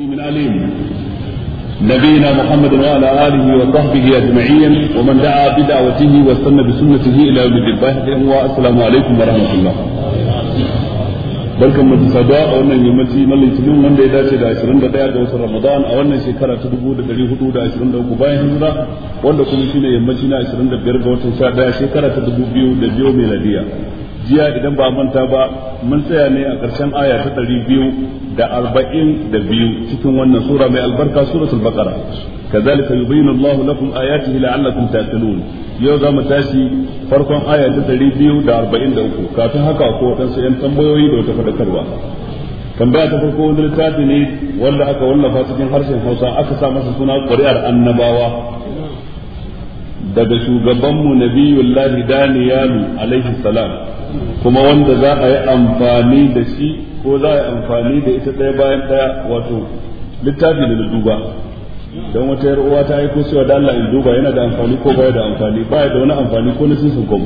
من عليم نبينا محمد وعلى اله وصحبه اجمعين ومن دعا بدعوته واستنى بسنته الى يوم الدين السلام عليكم ورحمه الله barkan mu sada a wannan yammaci na litinin wanda ya dace da 21 ga watan Ramadan a wannan shekara ta 1423 bayan hijira wanda kuma shine yammaci na 25 ga watan 11 shekara ta 2002 miladiya jiya idan ba manta ba mun tsaya ne a ƙarshen aya ta ɗari biyu da arba'in da biyu cikin wannan sura mai albarka suratul baqara kazalika yubayyinu Allahu lakum ayatihi la'allakum taqilun yau za mu tashi farkon aya ta ɗari biyu da arba'in da uku kafin haka ko waɗansu 'yan tambayoyi da wata faɗakarwa tambaya ta farko wani littafi ne wanda aka wallafa cikin harshen hausa aka sa masa suna ƙuri'ar annabawa daga shugabanmu nabiyullahi daniyalu alaihi salam kuma wanda za a yi amfani da shi ko za a yi amfani da ita ɗaya bayan ɗaya wato littafi da duba don wata yar uwa ta aiko cewa da Allah in duba yana da amfani ko baya da amfani baya da wani amfani ko na sun sun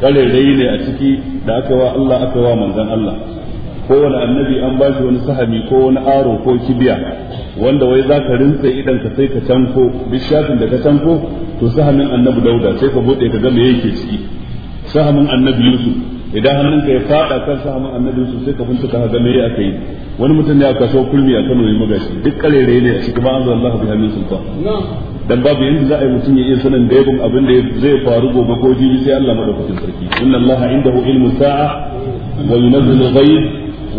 kare dai ne a ciki da aka wa Allah aka wa manzon Allah kowane annabi an ba shi wani sahami ko wani aro ko kibiya wanda wai za ka rinsa idan ka sai ka canko duk shafin da ka canko to sahamin annabi dauda sai ka bude ka ga me yake ciki sahamin annabi yusuf idan hannunka ya fada kan sahamin annabi yusuf sai ka bincika ka ga me aka yi wani mutum ne kaso kulmi a Kano ya magashi duk karere ne a cikin manzo Allah bi hamin sultan dan babu yanda za a yi mutum ya iya sanin da yabin abin da zai faru gobe ko jibi sai Allah madaukakin sarki inna Allah indahu ilmu sa'a wa yunzilu ghaib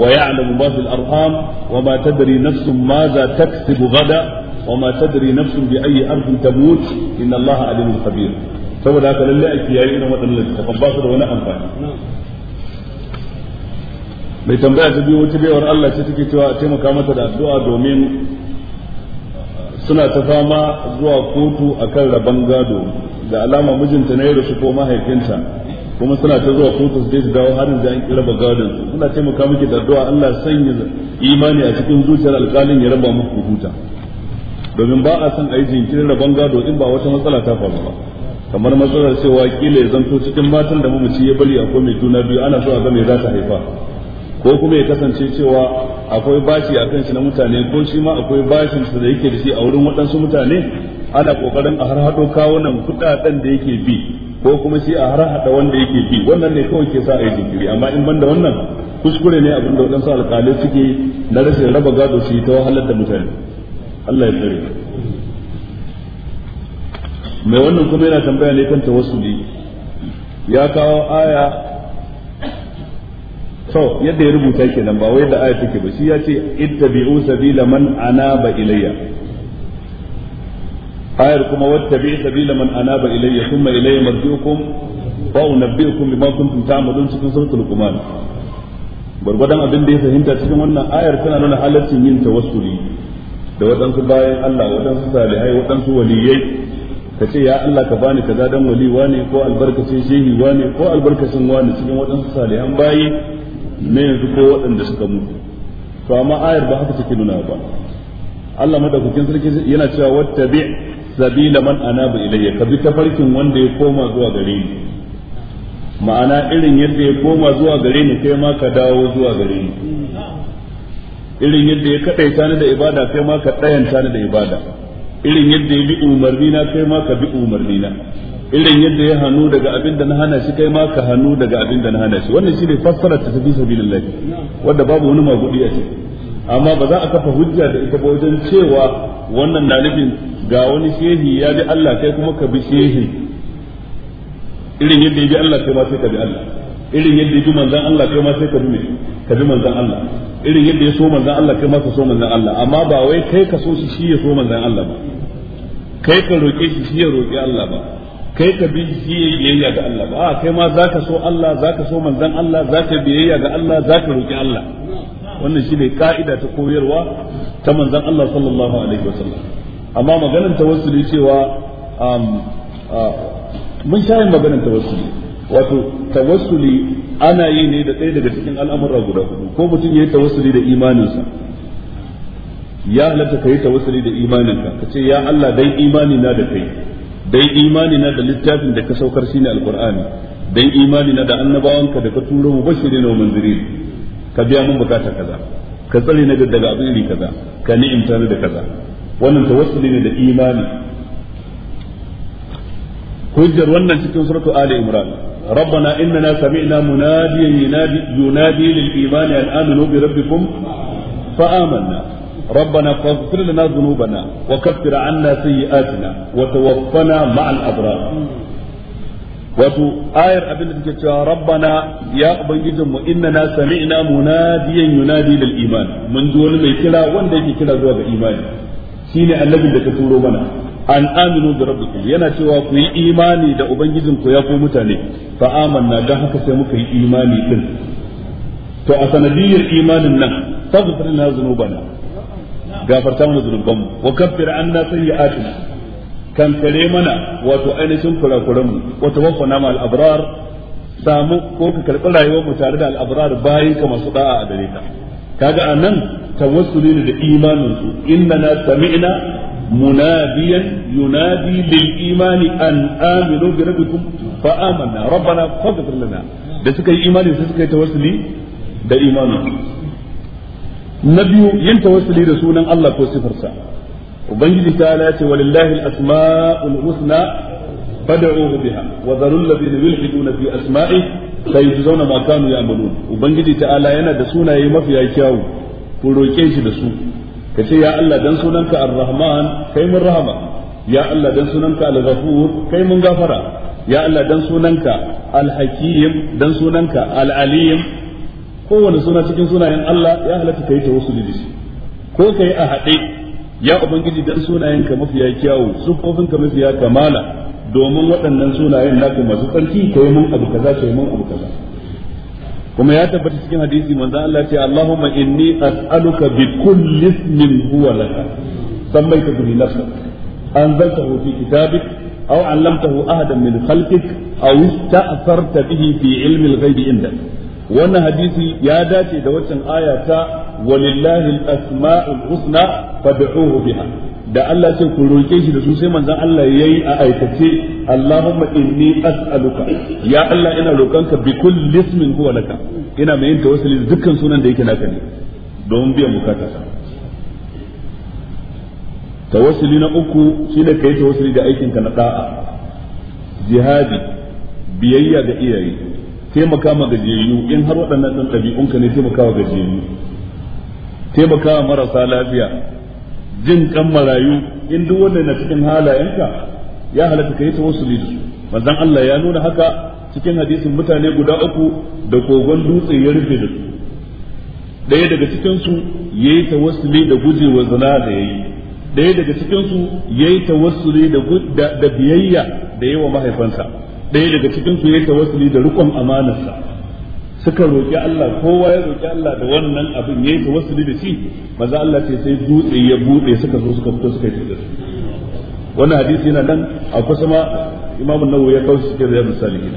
ويعلم ما في الأرحام وما تدري نفس ماذا تكسب غدا وما تدري نفس بأي أرض تموت إن الله عليم خبير saboda haka lalle a kiyaye irin waɗannan littafan ba su da wani amfani mai tambaya ta biyu wata biyar Allah ce take cewa a taimaka mata da addu'a domin suna ta fama zuwa kotu akan rabon gado da alama mijinta na yi rasu ko mahaifinta kuma suna ta zuwa kotu su su dawo harin da an kira ba gadon su suna taimaka muke da addu'a Allah sanya imani a cikin zuciyar alƙalin ya raba muku huta domin ba a san a yi jinkirin rabon gado in ba wata matsala ta faru ba kamar matsalar cewa kila ya zanto cikin matan da mamaci ya bari akwai mai juna biyu ana so a ga me za ta haifa ko kuma ya kasance cewa akwai bashi a kan shi na mutane ko shi ma akwai bashin su da yake da shi a wurin waɗansu mutane ana kokarin a har haɗo kawo nan kuɗaɗen da yake bi ko kuma shi a har hada wanda yake bi wannan ne kawai ke sa a yi jinkiri amma in banda wannan kuskure ne abin da waɗansu alƙalai suke na rashin raba gado su yi ta wahalar da mutane Allah ya tsare mai wannan kuma yana tambaya ne kan tawassuli ya kawo aya to yadda ya rubuta kenan ba wai da aya take ba shi ya ce ittabi'u sabila man anaba ilayya ayar kuma wattabi sabila man anaba ilayya thumma ilayya marji'ukum fa unabbi'ukum bima kuntum ta'malun cikin suratul luqman gurgurdan abin da ya fahimta cikin wannan ayar tana nuna halaccin yin tawassuli da waɗansu bayan Allah waɗansu salihai waɗansu waliyai ka ce ya Allah ka bani kaza dan wali wane ko albarkacin shehi wane ko albarkacin wane cikin waɗansu salihan bayi na yanzu ko waɗanda suka mutu to amma ayar ba haka take nuna ba Allah madaukakin sarki yana cewa wattabi' sabila man anaba ilayya ka bi tafarkin wanda ya koma zuwa gare ni ma'ana irin yadda ya koma zuwa gare ni kai ma ka dawo zuwa gare ni irin yadda ya kadaita ni da ibada kai ma ka tsayanta ni da ibada irin yadda ya bi umarni na kai ma ka bi umarni na irin yadda ya hannu daga abin da na hana shi kai ma ka hannu daga abin da na hana shi wannan shine fassarar ta fi sabilillah wanda babu wani magudi a ciki amma ba za a kafa hujja da ita ba wajen cewa wannan na nufin ga wani shehi ya bi Allah kai kuma ka bi shehi irin yadda ya bi Allah kai ma sai ka bi Allah irin yadda ya bi manzan Allah kai ma sai ka bi ka bi manzan Allah irin yadda ya so manzan Allah kai ma ka so manzan Allah amma ba wai kai ka so shi shi ya so manzan Allah ba kai ka roƙe shi shi ya roƙi Allah ba kai ka bi shi ya biyayya ga Allah ba a kai ma za ka so Allah za ka so manzan Allah za ka biyayya ga Allah za ka roƙi Allah wannan shi ne ka'ida ta koyarwa ta manzan Allah sallallahu alaihi wasallam amma maganin tawassuli cewa um, uh, mun sha yin maganin tawassuli wato tawassuli ana yi ne da ɗaya daga cikin al'amura guda hudu ko mutum ya yi tawassuli da imaninsa ya halatta ka yi tawassuli da imaninka ka ce ya Allah dai imani na da kai dai imani na da littafin da ka saukar ne alkur'ani dai imani na da annabawanka da ka turo mu bashirin wa munzirin ka biya mun bukata kaza ka tsare na daga abin iri kaza ka ni'imta da kaza wannan tawassuli ne da imani hujjar wannan cikin suratu ali imran ربنا إننا سمعنا مناديا ينادي, ينادي للإيمان أن آمنوا بربكم فآمنا ربنا فاغفر لنا ذنوبنا وكفر عنا سيئاتنا وتوفنا مع الأبرار wato ayar abin da take cewa rabbana ya ubangijinmu innana sami'na munadiyan yunadi lil iman mun ji wani mai kira wanda yake kira zuwa ga imani shine annabin da ka turo mana an aminu da rabbikum yana cewa ku yi imani da ubangijin ku ya ku mutane fa amanna dan haka sai muka yi imani din to a sanadiyar imanin nan faghfir lana dhunubana gafarta mana dhunubanmu wa kaffir anna sayyi'atina kan kare mana wato ainihin kurakuranmu wa tawaffana ma al-abrar samu ko ka karbi rayuwar mu tare da al-abrar bayin ka masu da'a a gare ka kaga anan tawassuli ne da imanin su innana sami'na munadiyan yunadi lil imani an aminu bi rabbikum fa amanna rabbana faghfir lana da suka yi imani sai suka yi tawassuli da imanin na biyu yin tawassuli da sunan Allah ko sifarsa ubangiji ta ala ce walillahi asmaul husna fad'uhu biha wa dharul ladina yulhiduna fi asma'ihi sai su zauna ma kanu ya amalu ubangiji ta'ala yana da sunaye mafiya kyawu ku roke shi da su ka ce ya Allah dan sunanka ar-rahman kai mun rahama ya Allah dan sunanka al-ghafur kai mun gafara ya Allah dan sunanka al-hakim dan sunanka al-alim kowane suna cikin sunayen Allah ya halatta kai ta da shi ko kai a haɗe ya ubangiji dan sunayenka mafiya kyawu mafi mafiya kamala domin waɗannan sunayen naku masu tsarki ka yi mun abu kaza ka yi mun abu kaza kuma ya tabbata cikin hadisi manzo Allah ce Allahumma inni as'aluka bi kulli ismin huwa laka sammaita bi nafsik anzaltahu fi kitabik aw 'allamtahu ahadan min khalqik aw ista'tharta bihi fi ilmi al-ghaibi indak wannan hadisi ya dace da waccan aya ta walillahi al-asma'ul husna fad'uhu biha da Allah ce ku roƙe shi da su sai manzon Allah yayi a aikace Allahumma inni as'aluka ya Allah ina roƙonka bi kulli ismin huwa laka ina mai yin tawassuli da dukkan sunan da yake naka ne don biyan Ta tawassuli na uku shine kai tawassuli da aikin ka na da'a jihadi biyayya ga iyaye taimaka ma gajiyayyu in har waɗannan ɗan ɗabi'unka ne taimaka wa gajiyayyu taimaka wa marasa lafiya jin kan marayu in duk wanda na cikin halayenka ya halatta kai ta da su manzon Allah ya nuna haka cikin hadisin mutane guda uku da kogon dutse ya rufe da su ɗaya daga cikinsu ya yi tawassuli da gujewa zina da ya yi ɗaya daga cikinsu ya yi tawassuli da biyayya da yawa mahaifansa ɗaya daga cikinsu ya yi tawassuli da rikon amanarsa suka roƙi Allah kowa ya roƙi Allah da wannan abin yayi ta wasu da shi maza Allah ce sai dutse ya bude suka zo suka fito suka yi wannan hadisi yana nan a kusa ma Imam Nawawi ya kawo shi cikin Riyadus Salihin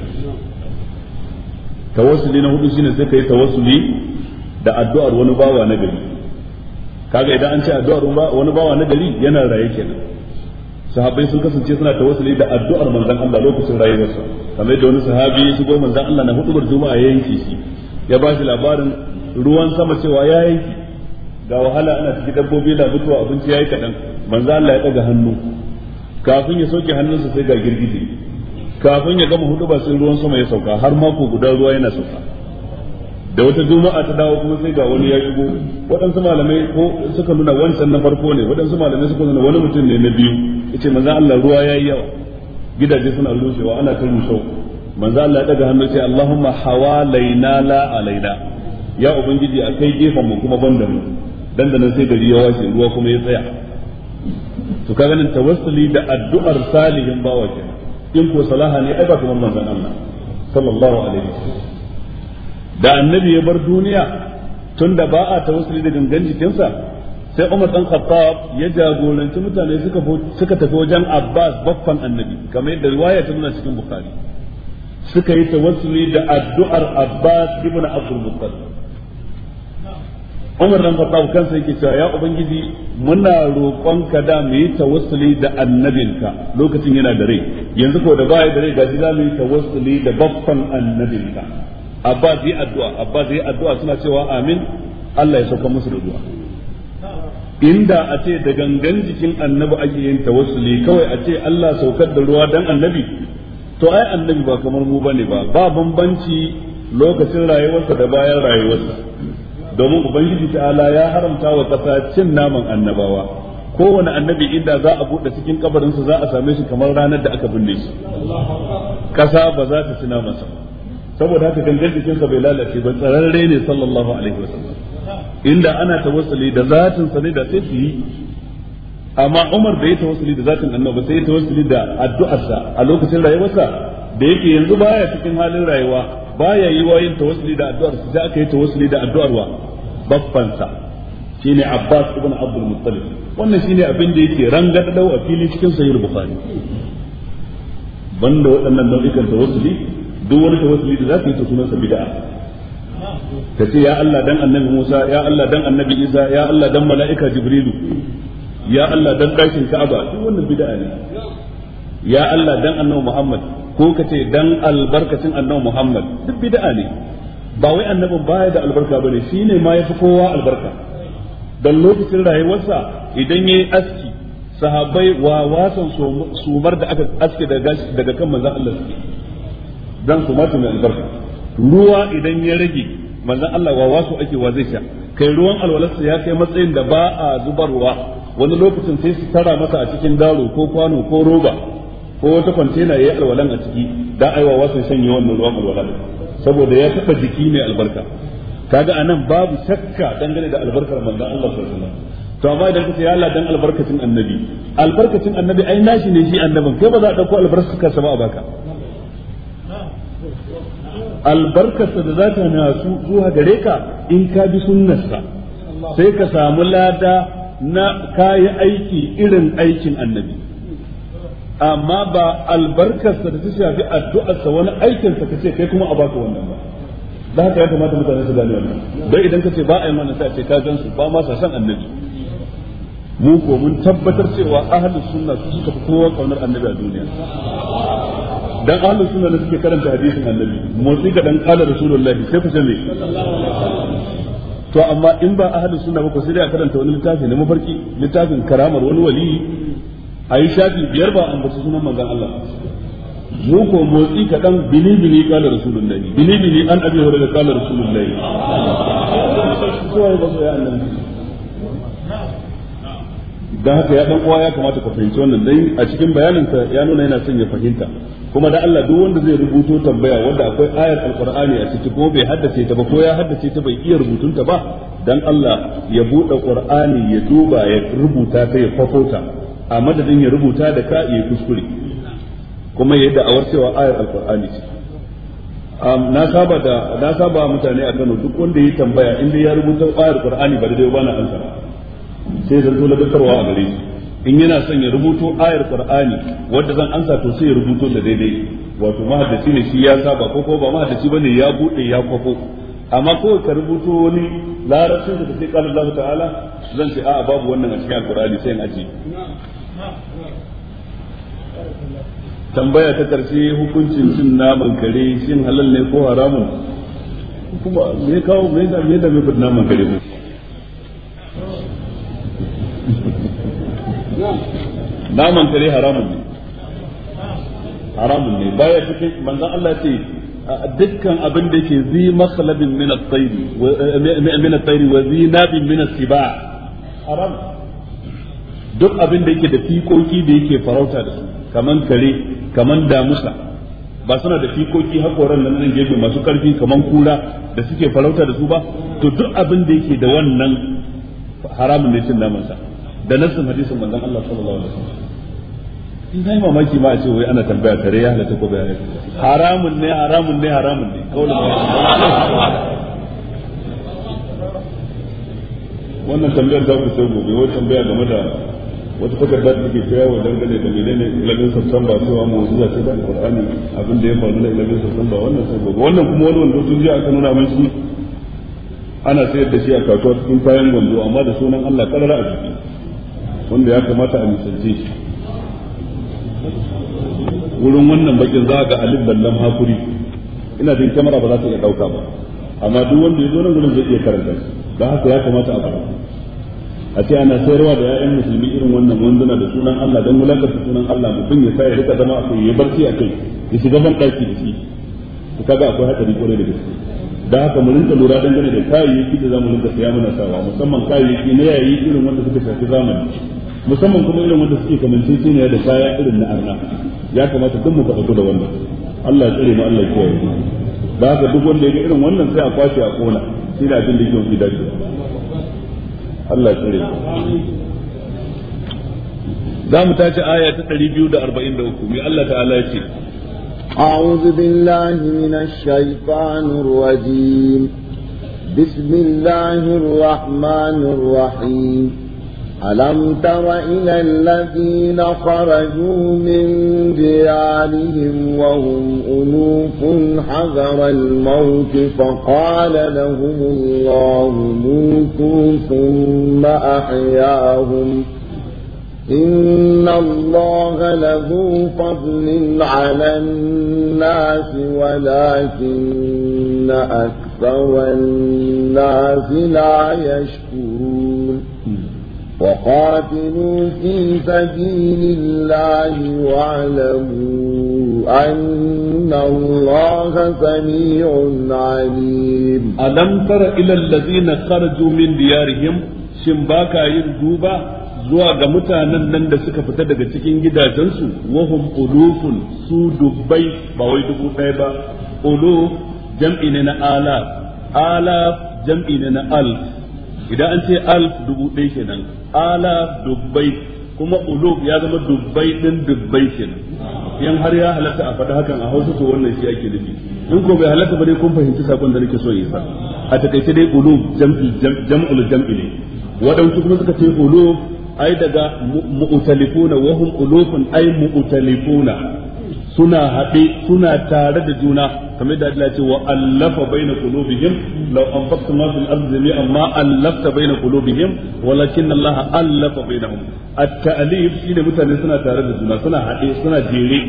tawassuli na hudu shine sai kai tawassuli da addu'ar wani bawa na gari kaga idan an ce addu'ar wani bawa na gari yana raye kenan sahabbai sun kasance suna tawassuli da addu'ar manzon Allah lokacin rayuwarsa kamar da wani sahabi ya goma manzon Allah na hudubar juma'a ya yanke shi ya ba shi labarin ruwan sama cewa ya yanke ga wahala ana cikin dabbobi da mutuwa abinci yayi kadan manzon Allah ya daga hannu kafin ya soke hannunsa sai ga girgije kafin ya gama hudubar ba sai ruwan sama ya sauka har mako guda ruwa yana sauka da wata juma'a ta dawo kuma sai ga wani ya shigo waɗansu malamai ko suka nuna wancan na farko ne waɗansu malamai suka nuna wani mutum ne na biyu yace manzo Allah ruwa yayi yawa gidaje suna rushewa ana ta rushe manzo Allah ya daga hannu sai Allahumma hawalaina la alaina ya ubangiji akai gefen mu kuma banda mu dandanan sai gari ya washe ruwa kuma ya tsaya to kaga nan tawassuli da addu'ar salihin bawa kenan in ko salaha ne ai ba kuma manzo Allah sallallahu alaihi wasallam da annabi ya bar duniya tun da ba a wasu da gangan jikinsa sai Umar dan Khattab ya jagoranci mutane suka suka tafi wajen Abbas baffan annabi kamar yadda riwaya ta nuna cikin Bukhari suka yi tawassuli da addu'ar Abbas ibn Abdul Muttalib Umar dan Khattab kansa yake cewa ya ubangiji muna roƙonka da mu yi tawassuli da annabinka lokacin yana da rai yanzu ko da baya da rai gaji za mu yi tawassuli da baffan annabinka abbas yi addu'a abbas yi addu'a suna cewa amin Allah ya sauka musu da du'a inda a ce da gangan jikin annabi ake yin tawassuli kawai a ce Allah saukar da ruwa dan annabi to ai annabi ba kamar mu bane ba ba bambanci lokacin rayuwarsa da bayan rayuwarsa domin ubangiji ta'ala ya haramta wa kasa cin naman annabawa kowane annabi inda za a buɗe cikin kabarinsa za a same shi kamar ranar da aka binne shi Ƙasa ba za ta ci namansa ba saboda haka gangan jikinsa bai lalace ba tsararre ne sallallahu alaihi wasallam inda ana tawassuli da zatin sa ne da sai su yi amma Umar bai tawassuli da zatin annabi sai ya tawassuli da addu'arsa a lokacin rayuwarsa da yake yanzu baya cikin halin rayuwa baya yi wa yin tawassuli da addu'ar sai aka yi tawassuli da addu'ar wa babbansa shine Abbas ibn Abdul Muttalib wannan shine abin da yake rangadau a fili cikin sahih Bukhari banda waɗannan nau'ikan tawassuli duk wani tawassuli da za su yi ta sunan sa Ta ce ya Allah dan annabi Musa ya Allah dan annabi Isa ya Allah dan mala'ika Jibrilu ya Allah dan ɗakin Ka'aba duk wannan bid'a ne ya Allah dan annabi Muhammad ko ka ce dan albarkacin annabi Muhammad duk bid'a ne ba wai annabin baya da albarka bane shine ma yafi kowa albarka dan lokacin rayuwarsa idan yayi aski sahabbai wa wasan sumar da aka aske daga kan manzon Allah dan tomato mai albarka ruwa idan ya rage manzon Allah wa wasu ake wa zai sha kai ruwan alwalarsa ya kai matsayin da ba a zubarwa wani lokacin sai su tara masa a cikin daro ko kwano ko roba ko wata kwantena yi alwalan a ciki da aiwa wasu shanye wannan ruwan alwalan saboda ya taba jiki mai albarka kaga anan babu shakka dangane da albarkar manzon Allah sallallahu alaihi wasallam to amma idan kace ya Allah dan albarkacin annabi albarkacin annabi ai nashi ne shi annabin kai ba za a dauko albarkar sa ba a baka albarkarsa da za ta na su zuwa gare ka in ka bi sunnarsa sai ka samu lada na kayi aiki irin aikin annabi amma ba albarkarsa da ta shafi addu'arsa wani aikinsa ka ce kai kuma a baka wannan ba da haka ya kamata mutane su gane wannan dai idan ka ce ba a yi mana ce ka gan su ba ma sa san annabi mu ko mun tabbatar cewa ahlus sunna su suka fi kowa kaunar annabi a duniya dan ahlus sunna ne suke karanta hadisin annabi motsi ga dan qala rasulullah sai ku ce to amma in ba ahlus sunna ba ku sai a karanta wani littafi na mafarki littafin karamar wani wali ayi shafi biyar ba an basu sunan manzon Allah mu ko motsi kaɗan bini bini kala rasulullahi bini bini an abi hurairah kala rasulullahi kawai ba su dan haka ya dan uwa ya kamata ka fahimci wannan dai a cikin bayaninsa ya nuna yana son ya fahimta kuma da Allah duk wanda zai rubuto tambaya wanda akwai ayar alqur'ani a ciki ko bai haddace ta ba ko ya haddace ta bai iya rubutunta ba dan Allah ya bude qur'ani ya duba ya rubuta ta ya fafota a madadin ya rubuta da ka ya kuskure kuma ya da'awar cewa ayar alqur'ani ce na saba da na saba mutane a Kano duk wanda ya tambaya inda ya rubuta ayar qur'ani ba dai ba na ansa sai ya zo labarwa a gare shi in yana son ya rubuto ayar qur'ani wanda zan ansa to sai ya rubuto da daidai wato mahaddaci ne shi ya saba ko ko ba mahaddaci bane ya bude ya kwafo amma ko ka rubuto wani larabcin da sai kallon Allah ta'ala zan ce a'a babu wannan a cikin alqur'ani sai in aje tambaya ta karshe hukuncin cin naman kare shin halal ne ko haramun kuma me kawo me da me da me man kare naman tare haramun ne haramun ne baya cikin manzon Allah ce dukkan abin da yake zi masalabin min at-tayr eh, eh, min at-tayr wa zi nabin min as-siba haram duk abin da yake da fikoki da yake farauta da su kaman kare kaman damusa ba suna da fikoki hakoran nan nan gefe masu karfi kaman kura da suke farauta da su ba to duk abin da yake da wannan haramun ne cin naman sa. da nassin hadisin manzon Allah sallallahu alaihi wasallam in zai mamaki ma a ce wai ana tambaya tare ya halatta ko bayanai haramun ne haramun ne haramun ne kawai wannan tambayar za ku sai gobe wai tambaya game da wata takarda da take kira wa dangane da menene ilabin satamba cewa mu zuwa ce da alqur'ani abin da ya faru na ilabin satamba wannan sai gobe wannan kuma wani wanda sun ji aka nuna mun shi ana sayar da shi a kasuwa cikin kayan gondo amma da sunan Allah karara a jiki wanda ya kamata a misalce shi wurin wannan bakin za ga alif ballam hakuri ina jin kyamara ba za ta iya dauka ba amma duk wanda ya zo nan gurin zai iya karanta shi da haka ya kamata a fara a ce ana sayarwa da ya'yan musulmi irin wannan wanduna da sunan Allah don wulakar sunan Allah mutum ya sa ya rika zama a kai ya barci a kai ya shiga ban daki da shi to kaga akwai hatsari kwarai da gaske da haka mu rinka lura dangane da kayayyaki da zamu rinka saya muna sawa musamman kayayyaki na yayi irin wanda suka shafi zamani musamman kuma irin wanda suke kamance ne da kaya irin na arna ya kamata duk mu faɗa da wannan Allah ya tsare mu Allah ya kiyaye mu da haka duk wanda ya ga irin wannan sai a kwashe a kona shi da abin da yake yi dace Allah ya tsare mu za mu tace aya ta 243 mai Allah ta'ala ya ce أعوذ بالله من الشيطان الرجيم بسم الله الرحمن الرحيم ألم تر إلى الذين خرجوا من ديارهم وهم ألوف حذر الموت فقال لهم الله موتوا ثم أحياهم إن الله لذو فضل على الناس ولكن أكثر الناس لا يشكرون وقاتلوا في سبيل الله واعلموا أن الله سميع عليم ألم تر إلى الذين خرجوا من ديارهم شمباكا يرجوبا zuwa ga mutanen nan da suka fita daga cikin gidajensu wahum ulufun su dubbai ba wai dubu ɗaya ba uluf jam'i ne na alaf alaf jam'i ne na alf idan an ce alf dubu ɗaya kenan ala dubbai kuma ulub ya zama dubbai din dubbai kenan yan har ya halatta a faɗa hakan a hausa to wannan shi ake nufi in ko bai halatta ba dai kun fahimci sakon da nake so yi sa a takaice dai ulub jam'i jam'ul jam'i ne waɗansu kuma suka ce ulub ai daga mu'talifuna wa hum ulufun ai mu'talifuna suna haɗe suna tare da juna kamar da Allah ce wa allafa baina qulubihim law anfaqta ma fil ardi jami'an ma allafta baina qulubihim walakin Allah allafa bainahum at-ta'lif shine mutane suna tare da juna suna haɗe suna jere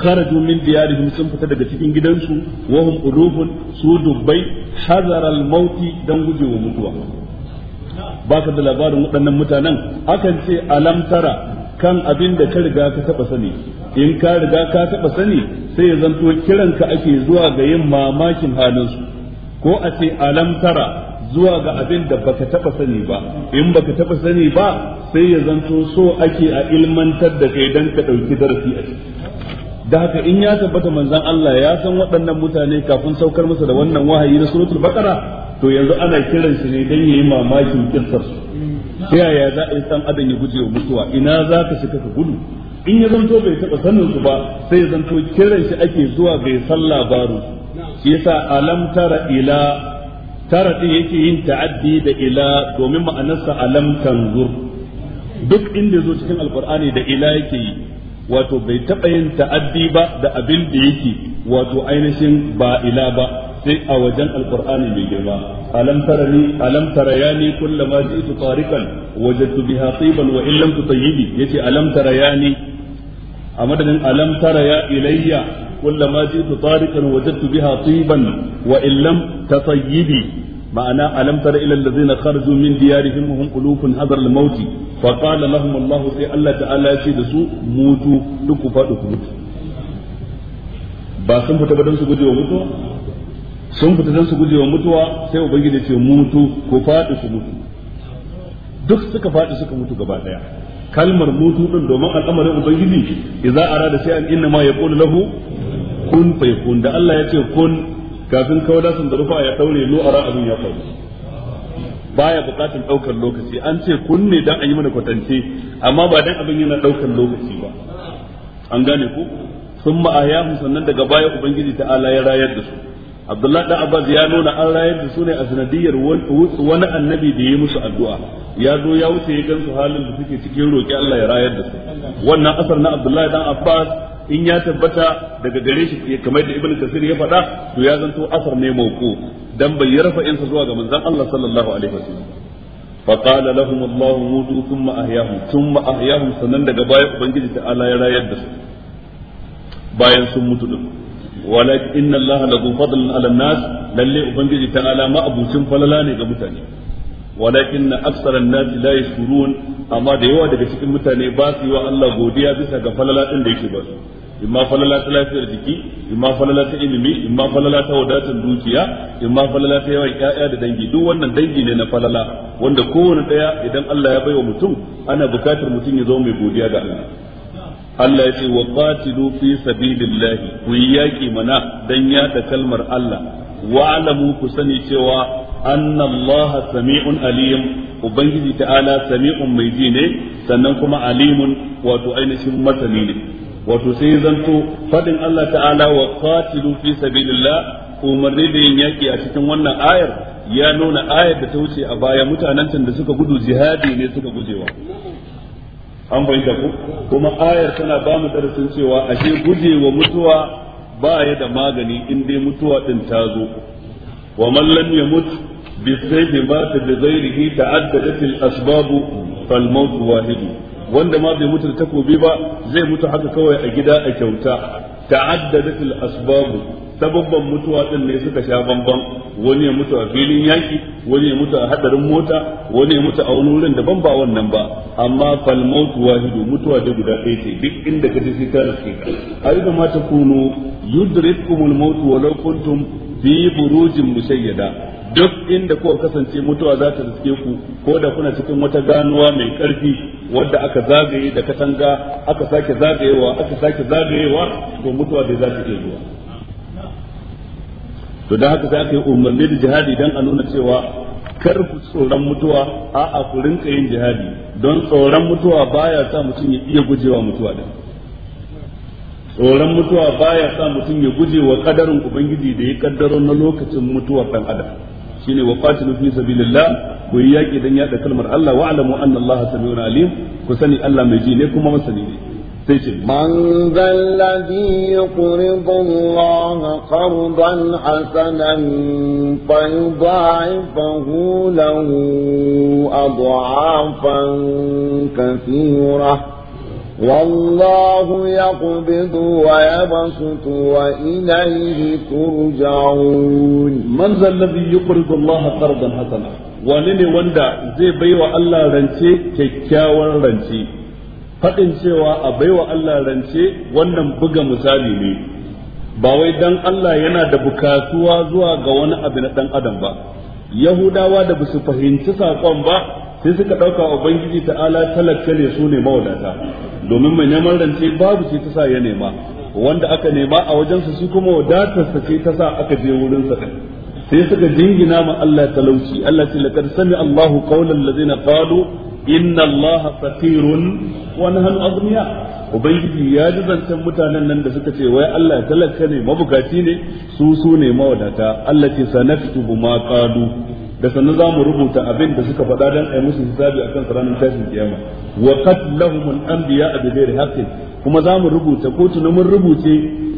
kharaju min diyarihim sun fita daga cikin gidansu wa hum ulufun su dubbai hazara al-maut dan gujewa mutuwa baka da labarin waɗannan mutanen akan ce alam tara kan abin da ka riga ka taba sani in ka riga ka taba sani sai ya zanto kiranka ake zuwa ga yin mamakin halinsu ko a ce alam zuwa ga abin da baka taba sani ba in baka taba sani ba sai ya zanto so ake a ilmantar da kai dan ka dauki darasi a ciki da haka in ya tabbata manzon Allah ya san waɗannan mutane kafin saukar musu da wannan wahayi na suratul baqara to yanzu ana kiran shi ne dan yayi mamakin kissar su ta yaya za a yi san adam ya guje wa mutuwa ina za ka shiga ka gudu in ya zanto bai taɓa sanin su ba sai ya zanto kiran shi ake zuwa bai san labaru shi yasa alam tara ila tara din yake yin ta'addi da ila domin ma'anarsa alam tanzur duk inda zo cikin alqur'ani da ila yake yi wato bai taɓa yin ta'addi ba da abin da yake wato ainihin ba ila ba sai a wajen alqur'ani mai girma alam tarani alam tarayani kullama ji'tu tariqan wajadtu biha tiban wa illam tutayyibi yace alam tarayani a madadin alam taraya ilayya kullama ji'tu tariqan wajadtu biha tiban wa illam tutayyibi ma'ana alam tara ila allazina kharaju min diyarihim hum ulufun hadar al-maut fa qala lahum Allah sai Allah ta'ala ya ce da su mutu duk ku fadu ku mutu ba sun fita ba don su guje wa mutuwa sun fita don su gujewa mutuwa sai ubangiji ce mutu ko faɗi su mutu duk suka faɗi suka mutu gaba ɗaya kalmar mutu din domin al'amarin ubangiji idza arada an inna ma yaqulu lahu kun yakun da Allah ya ce kun kafin da sun zarfa ya daure lu ara abin ya faru baya bukatun daukar lokaci an ce kun ne dan an yi mana kwatance amma ba dan abin yana daukar lokaci ba an gane ku sun ma'ayahu sannan daga baya ubangiji ta'ala ya rayar da su Abdullahi da Abbas ya nuna an rayar da su ne a sanadiyar wani annabi da ya musu addu'a ya zo ya wuce ya gansu halin da suke cikin roƙi Allah ya rayar da su wannan asar na Abdullahi dan Abbas in ya tabbata daga gare shi kamar da Ibn Kasir ya faɗa to ya zanto asar ne mauku dan bai yarfa insa zuwa ga manzon Allah sallallahu alaihi wasallam فقال لهم الله موتوا ثم أحياهم ثم أحياهم daga bayan ubangiji ta ala ya rayar da bayan sun mutu din walakin inna allaha lahu fadlan ala nas lalle ubangiji ta'ala ma abucin falala ne ga mutane walakin aksara nas la yashkurun amma da yawa daga cikin mutane ba su yi wa Allah godiya bisa ga falala din da yake ba su imma falala ta lafiyar jiki imma falala ta ilimi imma falala ta wadatar dukiya imma falala ta yawan ya'ya da dangi duk wannan dangi ne na falala wanda kowane ɗaya idan Allah ya baiwa mutum ana bukatar mutum ya zama mai godiya ga Allah Allah yace wa qatilu fi sabilillah ku yaki mana dan yaɗa kalmar Allah wa alamu ku sani cewa annallaha sami'un alim ubangiji ta'ala sami'un mai ji ne sannan kuma alimun wato ainihin masani ne wato sai zanto fadin Allah ta'ala wa qatilu fi sabilillah umarni da yin yaki a cikin wannan ayar ya nuna ayar da ta wuce a baya mutanen da suka gudu jihadi ne suka gujewa an fahimta ku? kuma ayar tana ba mu darasin cewa ashe gujewa mutuwa ba ya da magani in dai mutuwa din ta zo wa man lam yamut bi sayfi mata bi ghairihi ta'addadat al asbab fal maut wahid wanda ma bai mutu da takobi ba zai mutu haka kawai a gida a kyauta ta'addadat al asbab sababban mutuwa din ne suka sha bamban wani ya mutu a filin yaki wani ya mutu a hadarin mota wani ya mutu a wani wurin daban ba wannan ba amma fal mautu wahidu mutuwa da guda ɗaya ce duk inda ka ji ta rike ka aida ma ta kunu yudrikumul mautu walau kuntum fi burujin musayyada duk inda kuka kasance mutuwa za ta riske ku ko da kuna cikin wata ganuwa mai karfi wadda aka zagaye da katanga aka sake zagayewa aka sake zagayewa to mutuwa dai za ta iya zuwa to da haka sai aka yi umarni da jihadi dan a nuna cewa kar ku tsoron mutuwa a a ku rinka yin jihadi don tsoron mutuwa baya sa mutum ya iya gujewa mutuwa din tsoron mutuwa baya sa mutum ya guje wa kadarin ubangiji da ya kaddaro na lokacin mutuwar dan adam shine wa qatilu fi sabilillah ku yi yaki dan yada kalmar Allah wa alamu anna Allah samiu alim ku sani Allah mai ji ne kuma masani ne sai ce man zalladhi yuqridu Allah qardan hasanan fa yudha'ifahu lahu ad'afan kathira والله يقبض ويبسط وإليه ترجعون من ذا الذي يقرض الله قرضا حسنا ولن وندا زي بيوى الله رنشي كيكاوى رنشي faɗin cewa a baiwa Allah rance wannan buga misali ne ba wai dan Allah yana da bukatuwa zuwa ga wani abu na dan adam ba yahudawa da basu fahimci saƙon ba sai suka ɗauka ubangiji ta'ala talakce ne su ne mawadata domin mai neman rance babu ce ta sa ya nema wanda aka nema a wajensa su kuma wadatarsa ce ta sa aka je wurinsa sa sai suka jingina ma Allah talauci Allah ce laqad sami Allahu qawlan ladina qalu inna allaha faqirun wa nahnu aghniya ubangiji ya jizantan mutanen nan da suka ce wai Allah talaka ne mabukaci ne su su ne mawadata Allah ce sanaktubu ma qalu da sannan za mu rubuta abin da suka faɗa dan ai musu hisabi akan ranar tashin kiyama wa qatlahum al-anbiya bi ghairi haqqin kuma za mu rubuta ko tuni mun rubuce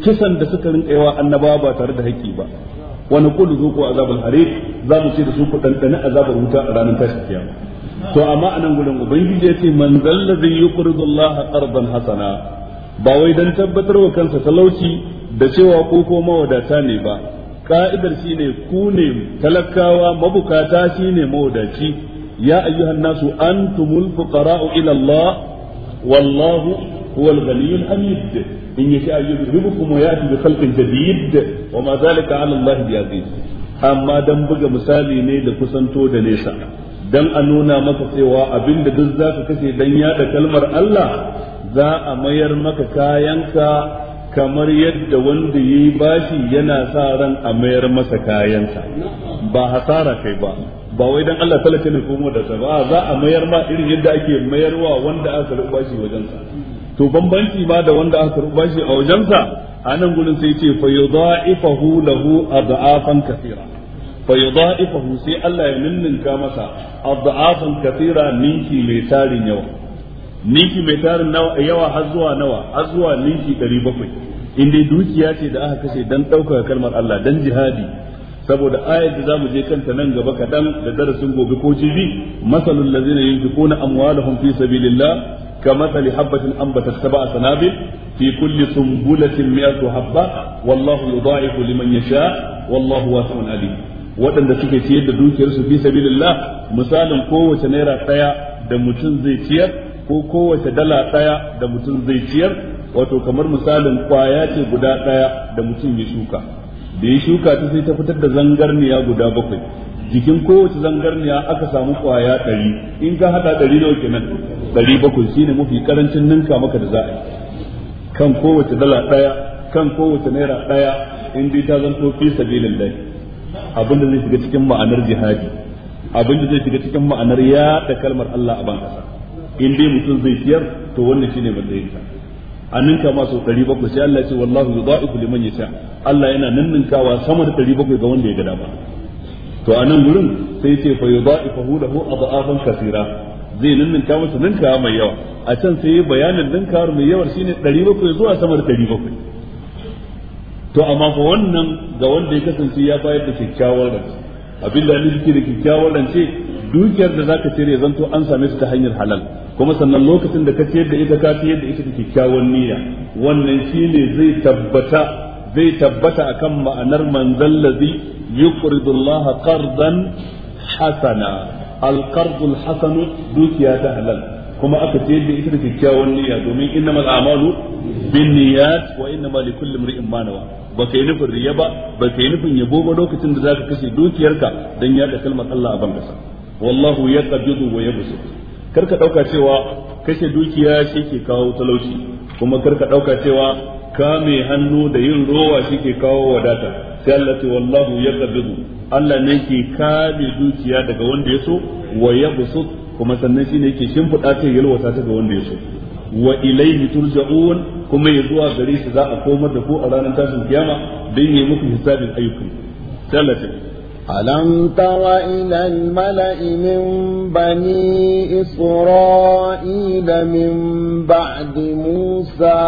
kisan da suka rinka yawa annabawa ba tare da haƙƙi ba wa naqulu zuqu azabal harir za mu ce da su ku dandana azabar wuta a ranar tashin kiyama to amma anan gurin ubangiji ya ce man zalladhi yuqridu Allah qardan hasana ba wai dan tabbatar wa kansa talauci da cewa ko ko mawadata ne ba ka'idar shine ku ne talakawa mabukata shine mawadaci ya ayyuhan nasu antumul fuqara'u ila Allah wallahu huwal ghaniyyul hamid in yasha yuhibbukum wa ya'ti bi khalqin jadid wa ma dhalika 'ala Allah bi'aziz amma dan buga misali ne da kusanto da nesa dan a nuna maka cewa abinda duk za ka kashe dan yada kalmar Allah za a mayar maka kayanka kamar yadda wanda ya yi bashi yana sa ran a mayar masa kayansa ba hasara kai ba ba wai dan Allah talaka ne komo da ba za a mayar ma irin yadda ake mayarwa wanda aka karɓi bashi wajensa to bambanci ma da wanda aka karɓi bashi a wajensa a nan gurin sai ce fa yudha'ifahu lahu adafan kathira fa yudha'ifahu sai Allah ya ninninka masa adha'afan kathira ninki mai tarin yawa ninki mai tarin yawa har zuwa nawa har zuwa ninki 700 inda dukiya ce da aka kashe dan ɗaukar kalmar Allah dan jihadi saboda ayar da zamu je kanta nan gaba kaɗan da darasin gobe ko jibi masalul ladzina yunfiquna amwalahum fi sabilillah kamathali habatin ambatat sab'a sanabil fi kulli sumbulatin mi'atu habba wallahu yudha'ifu liman yasha wallahu wasi'un alim waɗanda suke ciyar da dukiyarsu fi sabilillah misalin kowace naira ɗaya da mutum zai ciyar ko kowace dala ɗaya da mutum zai ciyar wato kamar misalin kwaya ce guda ɗaya da mutum ya shuka da ya shuka ta sai ta fitar da zangarniya guda bakwai jikin kowace zangarniya aka samu kwaya ɗari in ka haɗa ɗari nawa kenan ɗari bakwai shine mafi karancin ninka maka da za a yi kan kowace dala ɗaya kan kowace naira ɗaya in dai ta zanto fi sabilillah abin da zai shiga cikin ma'anar jihadi abin da zai shiga cikin ma'anar ya da kalmar Allah a ban kasa in dai mutum zai siyar to wannan shine matsayinsa a ninka ma sau ɗari bakwai sai Allah ya ce wallahu yudha'ifu liman yasha Allah yana ninninkawa sama da ɗari bakwai ga wanda ya ga dama to a nan gurin sai ce fa yudha'ifu lahu adha'afan kasira zai ninninka masa ninka mai yawa a can sai bayanin ninkawar mai yawar shine ɗari bakwai zuwa sama da ɗari bakwai to amma fa wannan ga wanda ya kasance ya bayar da kyakkyawar rance abin da nufi da kyakkyawar rance dukiyar da zaka cire zanto an same su ta hanyar halal kuma sannan lokacin da ka ciyar da ita ka ciyar da ita da kyakkyawar niyya wannan shine zai tabbata zai tabbata akan ma'anar manzal ladhi yuqridu Allah qardan hasana al-qard dukiya ta halal kuma aka ciyar da ita da kyakkyawar niyya domin innamal a'malu binniyat wa innamal ma nawa ba ka yi nufin riya ba ba ka yi nufin yabo ba lokacin da zaka kashe dukiyarka don ya yaɗa kalmar Allah a bangasa wallahu ya yaqbidu wa yabsut karka dauka cewa kashe dukiya shi ke kawo talauci kuma karka ɗauka cewa kame hannu da yin rowa shi ke kawo wadata sai Allah ce wallahu ya yaqbidu Allah ne ke kame dukiya daga wanda ya so wa yabsut kuma sannan shine yake shimfiɗa ta yalwata ta ga wanda ya so wa ilayhi turja'un kuma ya zuwa gare shi za a komar da ku a ranar tashin kiyama don yi muku hisabin ayyukan tallafi ألم تر إلى الملأ من بني إسرائيل من بعد موسى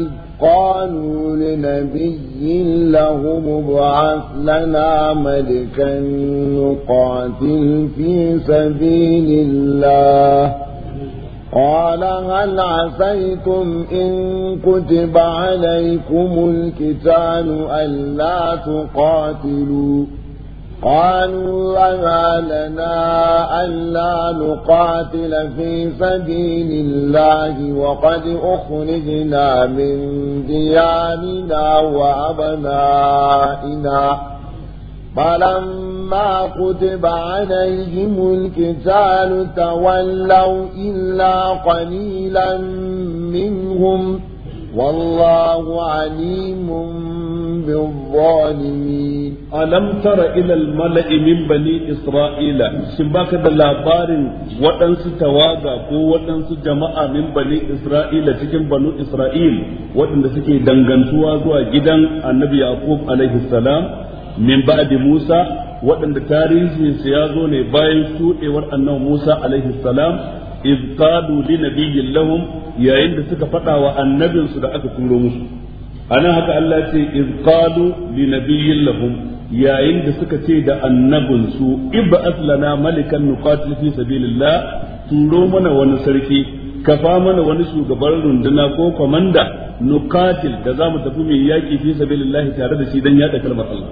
إذ قالوا لنبي له مبعث لنا ملكا نقاتل في سبيل الله قال هل عسيتم إن كتب عليكم الكتاب ألا تقاتلوا قالوا وما لنا ألا نقاتل في سبيل الله وقد أخرجنا من ديارنا وأبنائنا فلما ما كتب عليهم القتال تولوا إلا قليلا منهم والله عليم بالظالمين ألم تر إلى الملأ من بني إسرائيل شباك دلابار وطنس تواغا كو وطنس جماعة من بني إسرائيل تكن بنو إسرائيل وطنس كي دنغنسوا زوا جدا النبي يعقوب عليه السلام min ba'di Musa waɗanda tarihin su ya zo ne bayan shuɗewar annabi Musa alaihi salam iz qalu li nabiyyin lahum yayin da suka faɗa wa annabin su da aka turo musu anan haka Allah ce iz qalu li nabiyyin lahum yayin da suka ce da annabin su ib'ath lana malikan nuqatil fi sabilillah turo mana wani sarki kafa mana wani shugaban runduna ko komanda nuqatil da zamu tafi mai yaki fi sabilillah tare da shi dan yada kalmar Allah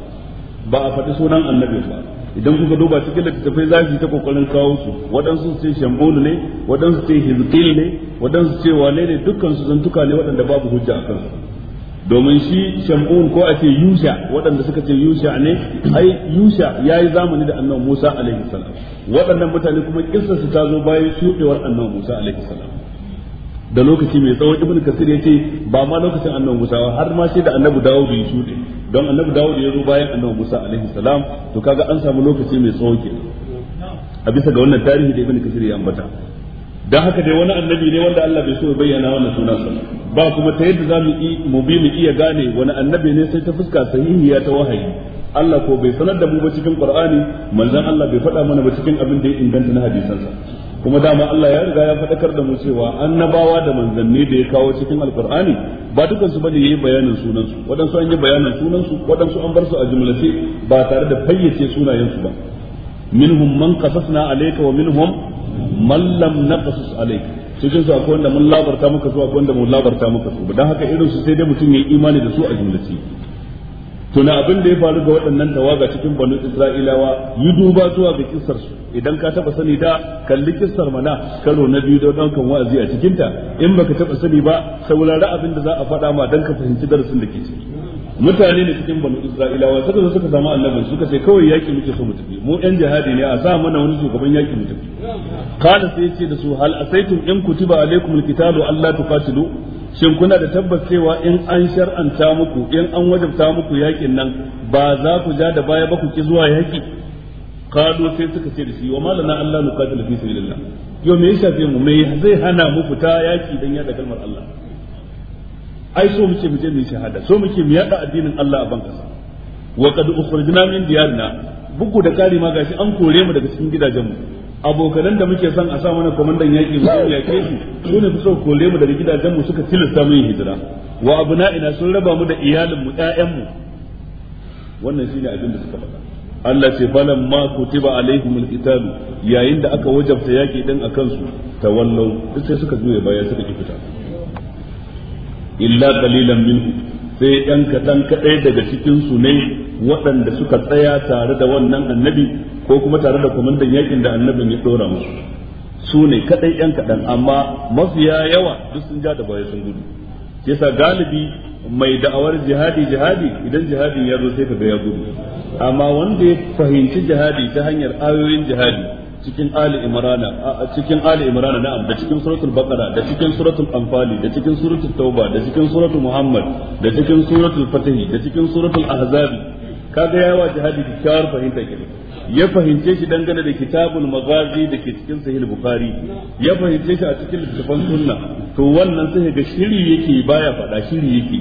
ba a faɗi sunan annabi ba idan kuka duba cikin littattafai za su ta kokarin kawo su waɗansu ce shambulu ne waɗansu ce hizqil ne waɗansu ce wane ne dukkan su zantuka ne waɗanda babu hujja a kansu domin shi shambun ko a ce yusha waɗanda suka ce yusha ne ai yusha ya yi zamani da annabi musa alaihi salam waɗannan mutane kuma kissa su ta zo bayan shuɗewar annabi musa alaihi salam da lokaci mai tsawo ibn kasir ya ce ba ma lokacin annabi musa har ma shi da annabi dawo bai shuɗe don annabi dawud ya zo bayan annabi musa alaihi salam to kaga an samu lokaci mai tsawo ke a bisa ga wannan tarihi da ibn kasir ya ambata dan haka dai wani annabi ne wanda Allah bai so ya bayyana wannan sunan sa ba kuma ta yadda zamu yi mu bi mu iya gane wani annabi ne sai ta fuska sahihiya ta wahayi Allah ko bai sanar da mu ba cikin Qur'ani manzon Allah bai faɗa mana ba cikin abin da ya inganta na hadisansa kuma dama Allah ya riga ya faɗakar da mu cewa annabawa da manzanni da ya kawo cikin alkur'ani ba dukan su bane yayi bayanin sunan su wadansu an yi bayanin sunan su wadansu an bar su a jumlace ba tare da fayyace sunayen su ba minhum man qasasna alayka wa minhum man lam naqsus alayka cikin su akwai wanda mun labarta maka su akwai wanda mun labarta maka su dan haka irin su sai dai mutum yi imani da su a jumlace tuna abin da ya faru ga waɗannan tawaga cikin banu isra'ilawa yi duba zuwa ga kissar su idan ka taba sani da kalli kissar mana karo na biyu don kan wa'azi a cikin ta in baka taba sani ba saurari abin da za a faɗa ma dan ka fahimci darasin da ke ciki mutane ne cikin banu isra'ilawa suka zo suka samu annabi suka ce kawai yaki muke so mu tafi mu ɗan jihadi ne a sa mana wani shugaban yaki mu tafi kana sai ce da su hal asaitum in kutiba alaikumul qitalu alla tuqatilu shin kuna da tabbas cewa in an shar'anta muku in an wajabta muku yakin nan ba za ku ja da baya ba ku ki zuwa yaki kado sai suka ce da shi wa malana Allah nuqatil fi sabilillah yo me yasa mu me zai hana mu fita yaki dan yada kalmar Allah ai so muke mu je mu shahada so muke mu yada addinin Allah a bankasa wa qad ukhrijna min diyarina bugu da kari ma gashi an kore mu daga cikin gidajenmu abokanan da muke son a sa mana komandan yaƙi mu ya ke su su ne so kore mu daga gidajen mu suka tilasta mu yin hijira wa abna'ina sun raba mu da iyalin mu ƴaƴan mu wannan shine abin da suka faɗa Allah ce falan ma kutiba alaihim alqitalu yayin da aka wajabta yaƙi din akan su tawallau duk sai suka juye baya suka ki fita illa qalilan minhu sai ɗan kadan kaɗai daga cikin su ne waɗanda suka tsaya tare da wannan annabi ko kuma tare da kwamandan yakin da annabin ya ɗora musu su ne kaɗai ‘yan kaɗan amma mafiya yawa duk sun ja da baya sun gudu yasa galibi mai da'awar jihadi jihadi idan jihadin ya zo sai ka ga ya gudu amma wanda ya fahimci jihadi ta hanyar ayoyin jihadi cikin Ali Imrana cikin Ali Imrana na'am da cikin suratul Baqara da cikin suratul Anfali da cikin suratul Tauba da cikin suratul Muhammad da cikin suratul Fatih da cikin suratul Ahzab kaga ya wa jihadi kyakkyawar fahimta kenan ya fahimce shi dangane da kitabul magazi da ke cikin sahih bukhari ya fahimce shi a cikin littafin sunna to wannan sai ga shiri yake baya faɗa shiri yake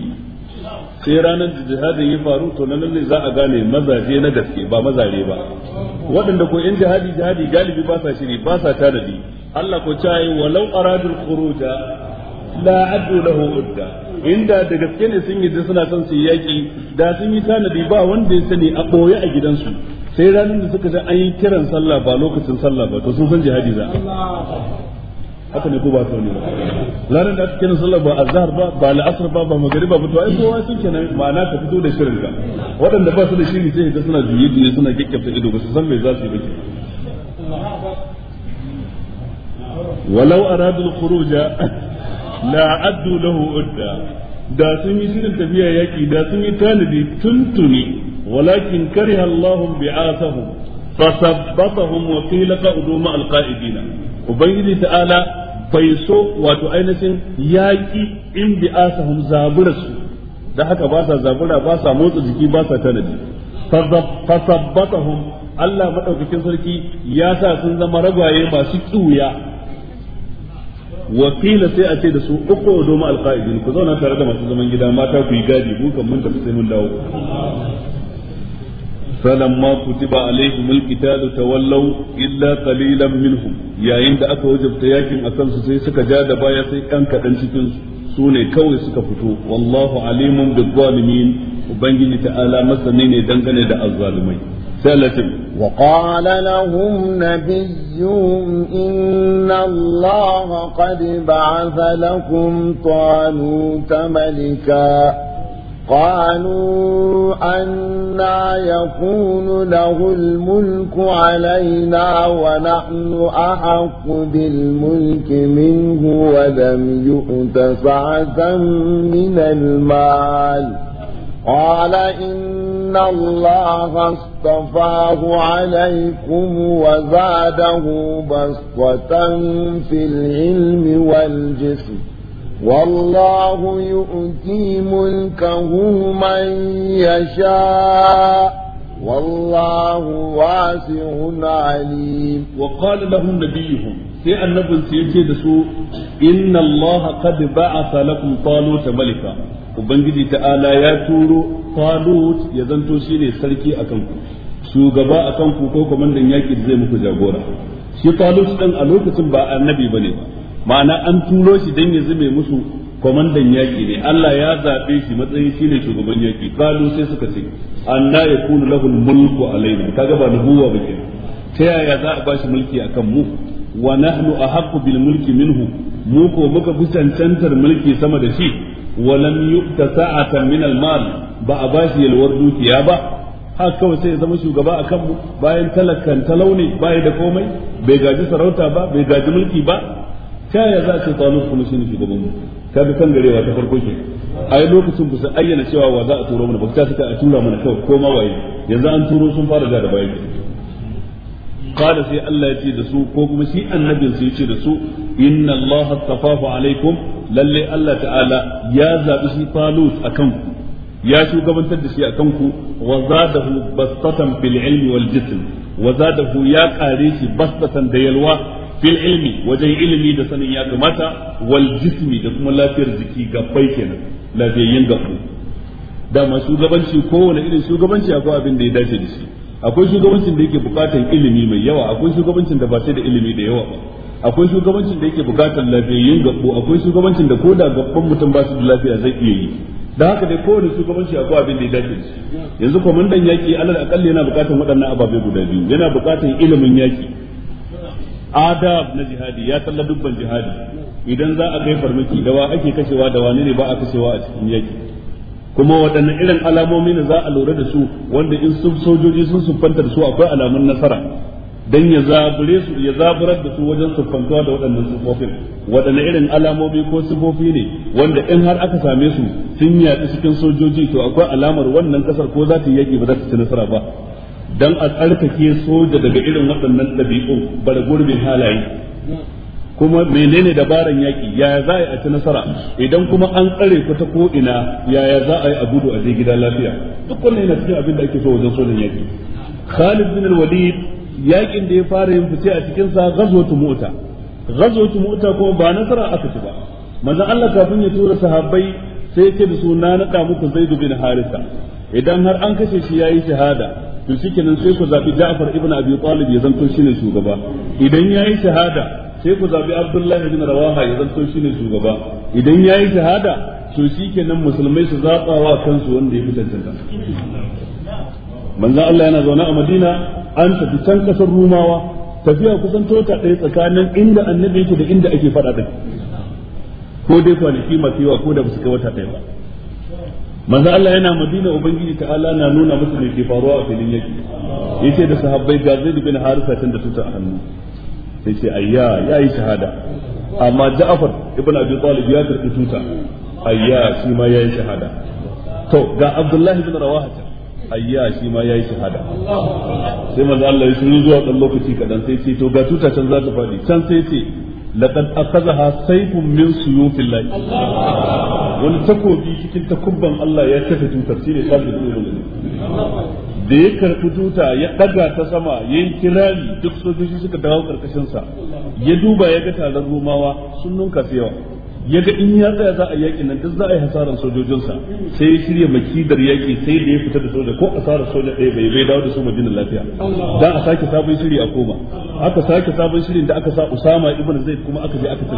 sai ranar da jihadin ya faru to nan ne za a gane mazaje na gaske ba mazare ba waɗanda ko in jihadi jihadi galibi ba sa shiri ba sa tanadi Allah ko cayi walau aradul khuruja la addu lahu udda inda da gaske ne sun yi suna son su yi yaƙi, da sun yi tanadi ba wanda ya sani a boye a gidansu sai ranar da suka ji an yi kiran sallah ba lokacin sallah ba to sun san jihadi za haka ne ko ba ta ne ranar da aka kiran sallah ba azhar ba ba al'asr ba ba Magari ba to ai kowa sun kenan ma'ana ka fito da shirin ka waɗanda ba su da shiri sai ga suna juye juye suna gaggafta ido ba su san me za su yi ba ولو أرادوا الخروج la addu lahu udda da sun yi shirin tafiya yaki da sun yi tanadi tuntuni walakin kariha Allahu bi'asahum fasabbatahum wa qila qa'udu ma alqa'idina ubangiji ta'ala bai so wato ainihin yaki in bi'asahum zaburarsu da haka ba sa zabura ba sa motsa jiki ba sa tanadi fasabbatahum Allah madaukakin sarki ya sa sun zama ragwaye masu kiwuya wakila sai a ce da su uku doma alqa'idin ku zauna tare da masu zaman gida mata ku yi gadi ku kan mun tafi sai mun dawo falamma kutiba da alqitalu tawallaw illa kalilan minhum yayin da aka wajabta yakin akan su sai suka ja da baya sai kan kaɗan cikin su ne kawai suka fito wallahu alimun bizzalimin ubangiji ta'ala masani ne dangane da azzalumai ثلاثة وقال لهم نبيهم إن الله قد بعث لكم طالوت ملكا قالوا أنا يكون له الملك علينا ونحن أحق بالملك منه ولم يؤت سعة من المال قال إن الله اصطفاه عليكم وزاده بسطة في العلم والجسم والله يؤتي ملكه من يشاء والله واسع عليم وقال لهم نبيهم سي النبي سيتي دسو إن الله قد بعث لكم طالوت ملكا ubangiji ta'ala ya turo talut ya zanto shine sarki akan ku shugaba akan ku ko komandan yaki zai muku jagora shi talut ɗin a lokacin ba annabi bane ba ma'ana an turo shi dan ya zube musu kwamandan yaki ne Allah ya zabe shi matsayin shine shugaban yaki kalu sai suka ce anna yakunu lahul mulku alaina kaga ba nubuwa ba ke ta yaya za a ba shi mulki akan mu wa nahnu ahaqqu bil mulki minhu mu ko muka fi cancantar mulki sama da shi wa lam yukta sa'atan min al ba a bashi yalwar dukiya ba haka kawai sai ya zama shugaba a kanmu bayan talakan talauni bai da komai bai gaji sarauta ba bai gaji mulki ba ta ya za ce talus kuma ne shugaban mu ka bi kan garewa ta farko ke ai lokacin ku ayyana cewa wa za a turo mana ba ta suka a tura mana kawai ko ma waye yanzu an turo sun fara da baya qala sai Allah ya ce da su ko kuma shi annabin sai ya da su inna Allah astafahu alaikum lallai Allah ta'ala ya zabi shi falut akan ku ya shugabantar da shi akan ku wa zadahu bastatan fil ilmi wal jism wa zadahu ya kare shi bastatan da yalwa fil ilmi wajen ilimi da sanin ya kamata wal jismi da kuma lafiyar jiki gabbai kenan lafiyayyen gabbai dama shugabanci kowane irin shugabanci akwai abin da ya dace da shi akwai shugabancin da yake bukatar ilimi mai yawa akwai shugabancin da ba sai da ilimi da yawa ba akwai shugabancin da yake bukatar lafiyayyen gabbo akwai shugabancin da koda gabban mutum ba su da lafiya zai iya yi da haka dai kowane shugabanci akwai abin da ya dace shi yanzu kwamandan yaki alal akalli yana bukatar waɗannan ababe guda biyu yana bukatar ilimin yaki adab na jihadi ya talla dubban jihadi idan za a kai farmaki dawa ake kashewa da wani ne ba a kashewa a cikin yaki kuma waɗanne irin alamomi ne za a lura da su wanda in sun sojoji sun siffanta da su akwai alamun nasara dan ya zabure su ya zaburar da su wajen siffantuwa da waɗannan siffofin waɗanne irin alamomi ko siffofi ne wanda in har aka same su sun yaɗu cikin sojoji to akwai alamar wannan ƙasar ko za ta yaƙi ba za ta ci nasara ba dan a tsarkake soja daga irin waɗannan ɗabi'u bara gurbin halaye kuma menene dabaran yaki yaya za a ci nasara idan kuma an tsare ku ta ko ina yaya za a yi a gudu a je gida lafiya duk wannan yana cikin abin da ake so wajen sojan yaki Khalid bin Walid yakin da ya fara yin fice a cikin sa ghazwatu mu'ta ghazwatu mu'ta ko ba nasara aka ci ba manzon Allah kafin ya tura sahabbai sai ce da suna na nada muku Zaid bin Harisa idan har an kashe shi yayi shahada to shikenan sai ku zabi Ja'far ibn Abi Talib ya zanto shine shugaba idan yayi shahada sai ku zabi abdullahi bin rawaha ya zanto shine shugaba idan yayi shahada to shikenan musulmai su zaba wa kansu wanda ya fi cancanta Allah yana zaune a Madina an tafi can kasar Rumawa tafiya kusan tota ɗaya tsakanin inda annabi yake da inda ake faɗa din ko dai kwanaki masu yawa ko da ba su kai wata ɗaya ba manzo Allah yana Madina ubangiji ta'ala na nuna musu da ke faruwa a filin yaki yace da sahabbai ga Zaid bin Harisa tun da tuta a hannu sai ce ayya ya yi shahada amma Ja'far ibn Abi Talib ya karbi tuta ayya shi ma ya yi shahada to ga Abdullahi ibn Rawaha ayya shi ma ya yi shahada sai manzo Allah ya shiru zuwa dan lokaci kadan sai ce to ga tuta can za ta fadi can sai ce laqad akhadha sayfun min suyufillah wani takobi cikin takubban Allah ya tafi tutar shine sabbi ibn da ya karfi tuta ya daga ta sama ya yi kirari duk sojoji suka dawo karkashin sa ya duba ya ga taron romawa sun nunka yawa ya ga in ya tsaya za a yaƙi nan duk za a yi hasaran sojojinsa sai ya shirya makidar yaƙi sai da ya fita da soja ko asarar soja ɗaya bai bai dawo da su madina lafiya da a sake sabon shiri a koma aka sake sabon shirin da aka sa usama ibn zaid kuma aka je aka ci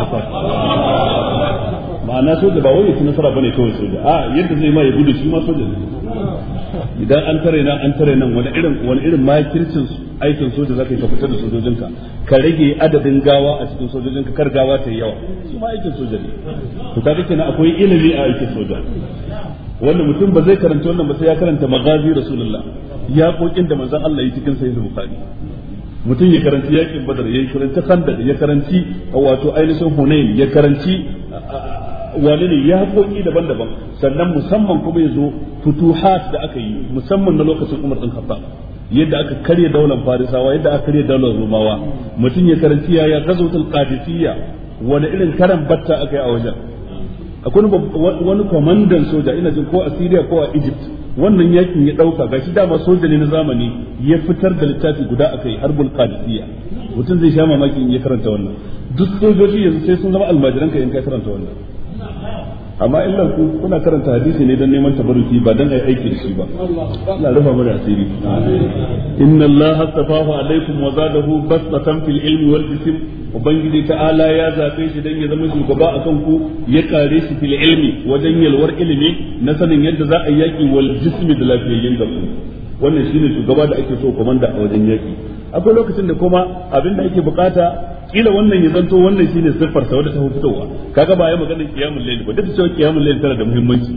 ma'ana soja ba wani ya ci nasara bane kawai soja a yadda zai ma ya gudu shi ma soja ne idan an tare nan an tare nan wani irin wani irin makircin aikin soja zaka yi ka fitar da sojojinka ka rage adadin gawa a cikin sojojinka kar gawa ta yi yawa su ma aikin soja ne to kaga kenan akwai ilimi a aikin soja wanda mutum ba zai karanta wannan ba sai ya karanta magazi rasulullah ya kokin da manzon Allah yi cikin sahih bukhari mutum ya karanci yakin badar ya karanci khandaq ya karanci wato ainihin hunain ya karanci wani ne ya haƙoƙi daban-daban sannan musamman kuma ya zo fituhat da aka yi musamman na lokacin umar ɗin khattab yadda aka karya daular farisawa yadda aka karya daular rumawa mutum ya karanci ya ya gazotul qadisiyya wani irin karan batta aka yi a wajen akwai wani kwamandan soja ina jin ko a syria ko a egypt wannan yakin ya dauka gashi dama soja ne na zamani ya fitar da littafi guda yi harbul qadisiyya mutum zai sha mamaki in ya karanta wannan duk sojoji yanzu sai sun zama almajiran ka in ka karanta wannan amma illa ku kuna karanta hadisi ne don neman tabarruki ba dan aiki da shi ba Allah rufa mana asiri inna Allah astafahu alaikum wa zadahu basatan fil ilmi wal jism ubangiji ta'ala ya zabe shi dan ya zama shugaba akan ku ya kare shi fil ilmi wajen yalwar ilimi na sanin yadda za a yaki wal jismi da lafiyayyen da ku wannan shine shugaba da ake so komanda a wajen yaki akwai lokacin da kuma abin da ake bukata kila wannan ya zanto wannan shine siffar sa wadda ta fitowa kaga ba ya maganar kiyamul layl ba duk da cewa kiyamul layl tana da muhimmanci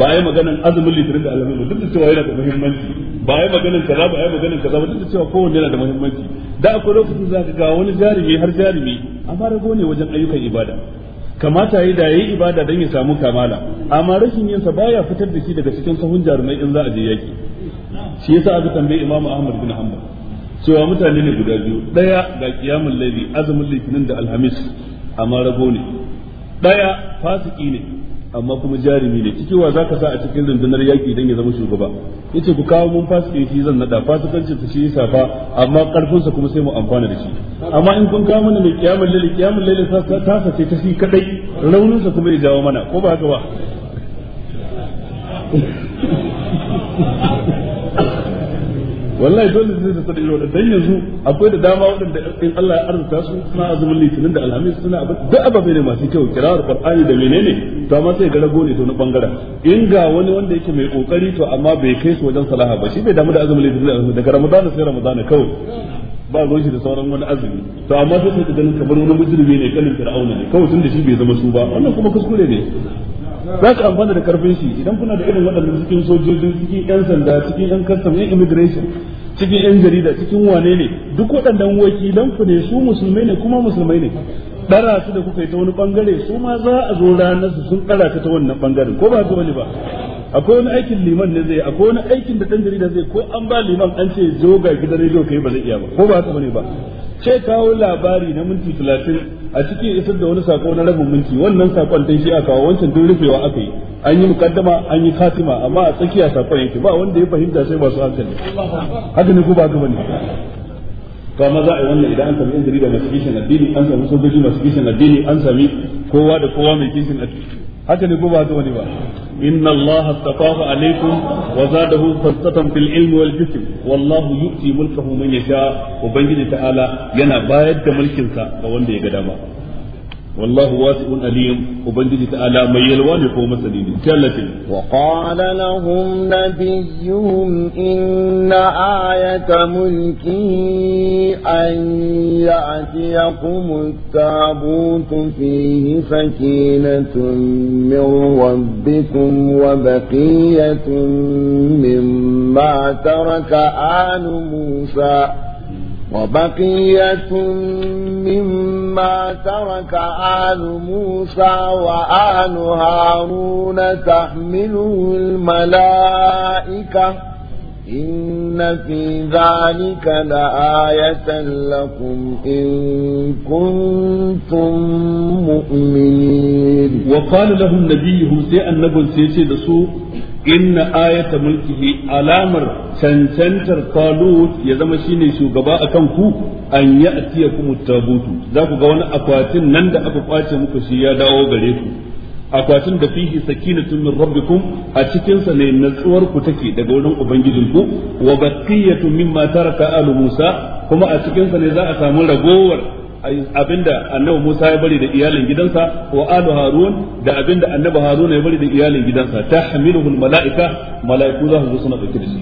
ba ya maganar azumin litrin da alamin ba duk da cewa yana da muhimmanci ba ya maganar kaza ba ya maganar kaza ba duk da cewa kowanne yana da muhimmanci da akwai lokacin za ka ga wani jarumi har jarumi amma rago ne wajen ayyukan ibada kamata yi da yi ibada don ya samu kamala amma rashin yin sa baya fitar da shi daga cikin sahun jarumai in za a je yaki shi yasa aka tambaye Imam Ahmad bin Hanbal cewa mutane ne guda biyu ɗaya ga kiyamun laifi azumin litinin da alhamis amma rabo ne daya fasiki ne amma kuma jarumi ne ciki wa ka sa a cikin rundunar yaƙi dan ya zama shugaba yace ku kawo mun fasiki shi zan nada fasikancin su shi yi safa amma ƙarfinsa kuma sai mu amfana da shi amma in kun kawo mana mai kiyamul laili kiyamul laili ta sace ta shi kadai rauninsa kuma ya jawo mana ko ba haka ba wallahi dole zai da sadin yau dan yanzu akwai da dama wanda in Allah ya arzuta su suna azumin litinin da alhamis suna abin duk ababe ne masu kyau kirawar qur'ani da menene to amma sai gara gole to na bangaren in ga wani wanda yake mai kokari to amma bai kai su wajen salaha ba shi bai damu da azumin litinin da alhamis daga ramadan sai ramadan kawai ba ruwan shi da sauran wani azumi to amma sai ka ganin kamar wani mujrimi ne kalin fir'auna ne kawai tun da shi bai zama su ba wannan kuma kuskure ne za ka amfana da karfin shi idan kuna da irin waɗannan cikin sojojin cikin yan sanda cikin yan custom yan immigration cikin yan jarida cikin wane ne duk waɗannan wakilan ku ne su musulmai ne kuma musulmai ne ɗara su da kuka yi ta wani ɓangare su ma za a zo ranar su sun ɗara ta wannan ɓangaren ko ba ka wani ba akwai wani aikin liman ne zai akwai wani aikin da ɗan jarida zai ko an ba liman an ce zo ga gidan rediyo kai ba zai iya ba ko ba haka wani ba sai kawo labari na minti talatin a cikin isar da wani sako na rabin minti wannan sakon dan shi a kawo wancan duk rufewa aka yi an yi mukaddama an yi katima amma a tsakiya sakon yake ba wanda ya fahimta sai masu hankali haka ne ko ba gaba ne? to amma za a yi wannan idan an sami injiri jarida masu kishin addini an sami sojoji masu kishin addini an sami kowa da kowa mai kishin addini haka ne ko ba ta wani ba inna alaikum wa zadahu fasatan wallahu yu'ti mulkahu man ta'ala yana bayar da ga wanda ya والله واسع عليم وبنجي تعالى من يلوان يقوم مسلمين كالتي وقال لهم نبيهم إن آية ملكه أن يأتيكم التابوت فيه سكينة من ربكم وبقية مما ترك آل موسى وبقية مما مما ترك آل موسى وآل هارون تحمله الملائكة إن في ذلك لآية لكم إن كنتم مؤمنين وقال لهم نبيهم سيئا نبل سيئا لسوء inna ayata mulkihi alamar cancantar talut ya zama shine shugaba a kan ku an ya'tiyakum tabutu za ku ga wani akwatin nan da aka kwace muku shi ya dawo gare ku akwatin da fihi sakinatun min kum a cikin ne natsuwar ku take daga wurin ubangijin ku wa baqiyatu mimma taraka alu musa kuma a cikinsa ne za a samu ragowar abinda annabi Musa ya bari da iyalin gidansa wa alu Harun da abinda annabi Harun ya bari da iyalin gidansa ta almalaika malaiku za su zo suna dauke da shi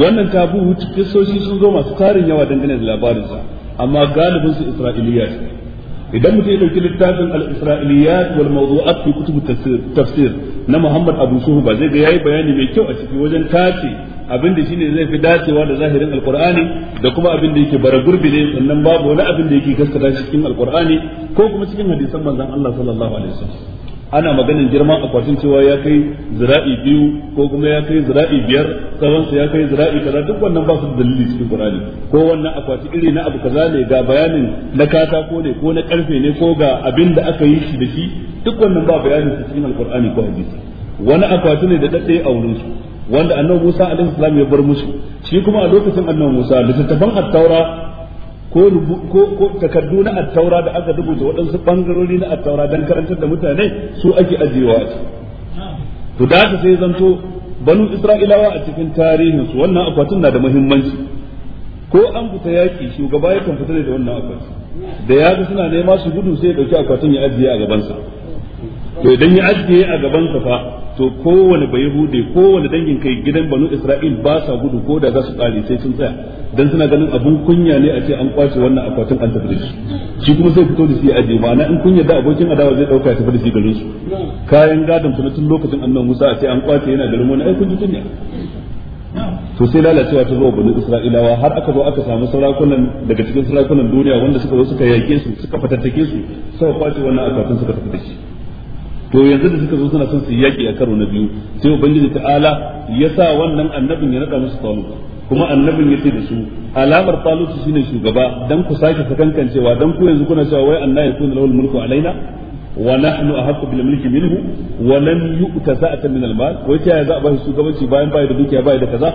wannan tabu kissoshi sun zo masu tarin yawa dangane da labarinsa amma galibin su Isra'iliya idan mutum ya dauki littafin al-isra'iliyat wal mawdu'at fi kutub tafsir na Muhammad Abu Suhu ba zai ga yayi bayani mai kyau a ciki wajen tace abin da shine zai fi dacewa da zahirin alqur'ani da kuma abin da yake bara gurbi ne sannan babu wani abin da yake gaskata shi cikin alqur'ani ko kuma cikin hadisan manzon Allah sallallahu alaihi wasallam ana maganin girman akwatin cewa ya kai zira'i biyu ko kuma ya kai zira'i biyar sa ya kai zira'i kaza duk wannan ba su da dalili cikin qur'ani ko wannan akwati iri na abu kaza ne ga bayanin na katako ne ko na karfe ne ko ga abin da aka yi shi da shi duk wannan ba bayanin cikin alqur'ani ko hadisi wani akwati ne da dade a wurin su wanda annabi Musa alaihi salam ya bar musu shi kuma a lokacin annabi Musa littattafan at-taura ko ko ko takaddu na at-taura da aka rubuta waɗansu bangarori na at-taura dan karantar da mutane su ake ajiyewa to da ta sai zanto banu isra'ilawa a cikin tarihin su wannan akwatin na da muhimmanci ko an fita yaki shugaba yakan fita da wannan akwati da ya ga suna nema su gudu sai ya dauki akwatin ya ajiye a gabansa to idan ya ajiye a sa fa to kowane bayahude kowane dangin kai gidan banu isra'il ba sa gudu ko da za su kare sai sun tsaya dan suna ganin abun kunya ne a ce an kwace wannan akwatin an tafi shi shi kuma sai fito da shi jima na in kunya da abokin adawa zai dauka tafi da shi garin su kayan gadon su tun lokacin annan Musa a ce an kwace yana garin wani ai kun ji kunya to sai lalacewa ta zo banu isra'ilawa har aka zo aka samu sarakunan daga cikin sarakunan duniya wanda suka zo suka yake su suka fatattake su suka kwace wannan akwatin suka tafi da shi to yanzu da suka zo suna son su yaki a karo na biyu sai ubangiji ta'ala ya sa wannan annabin ya nada musu talut kuma annabin ya ce da su alamar talut shine shugaba dan ku sake sakankancewa dan ku yanzu kuna cewa wai annabi kuna lahul mulku alaina wa nahnu ahaqqu bil mulki minhu wa lam yu'ta sa'atan min al mal wai ta za a ba shugabanci bayan bai da dukiya bai da kaza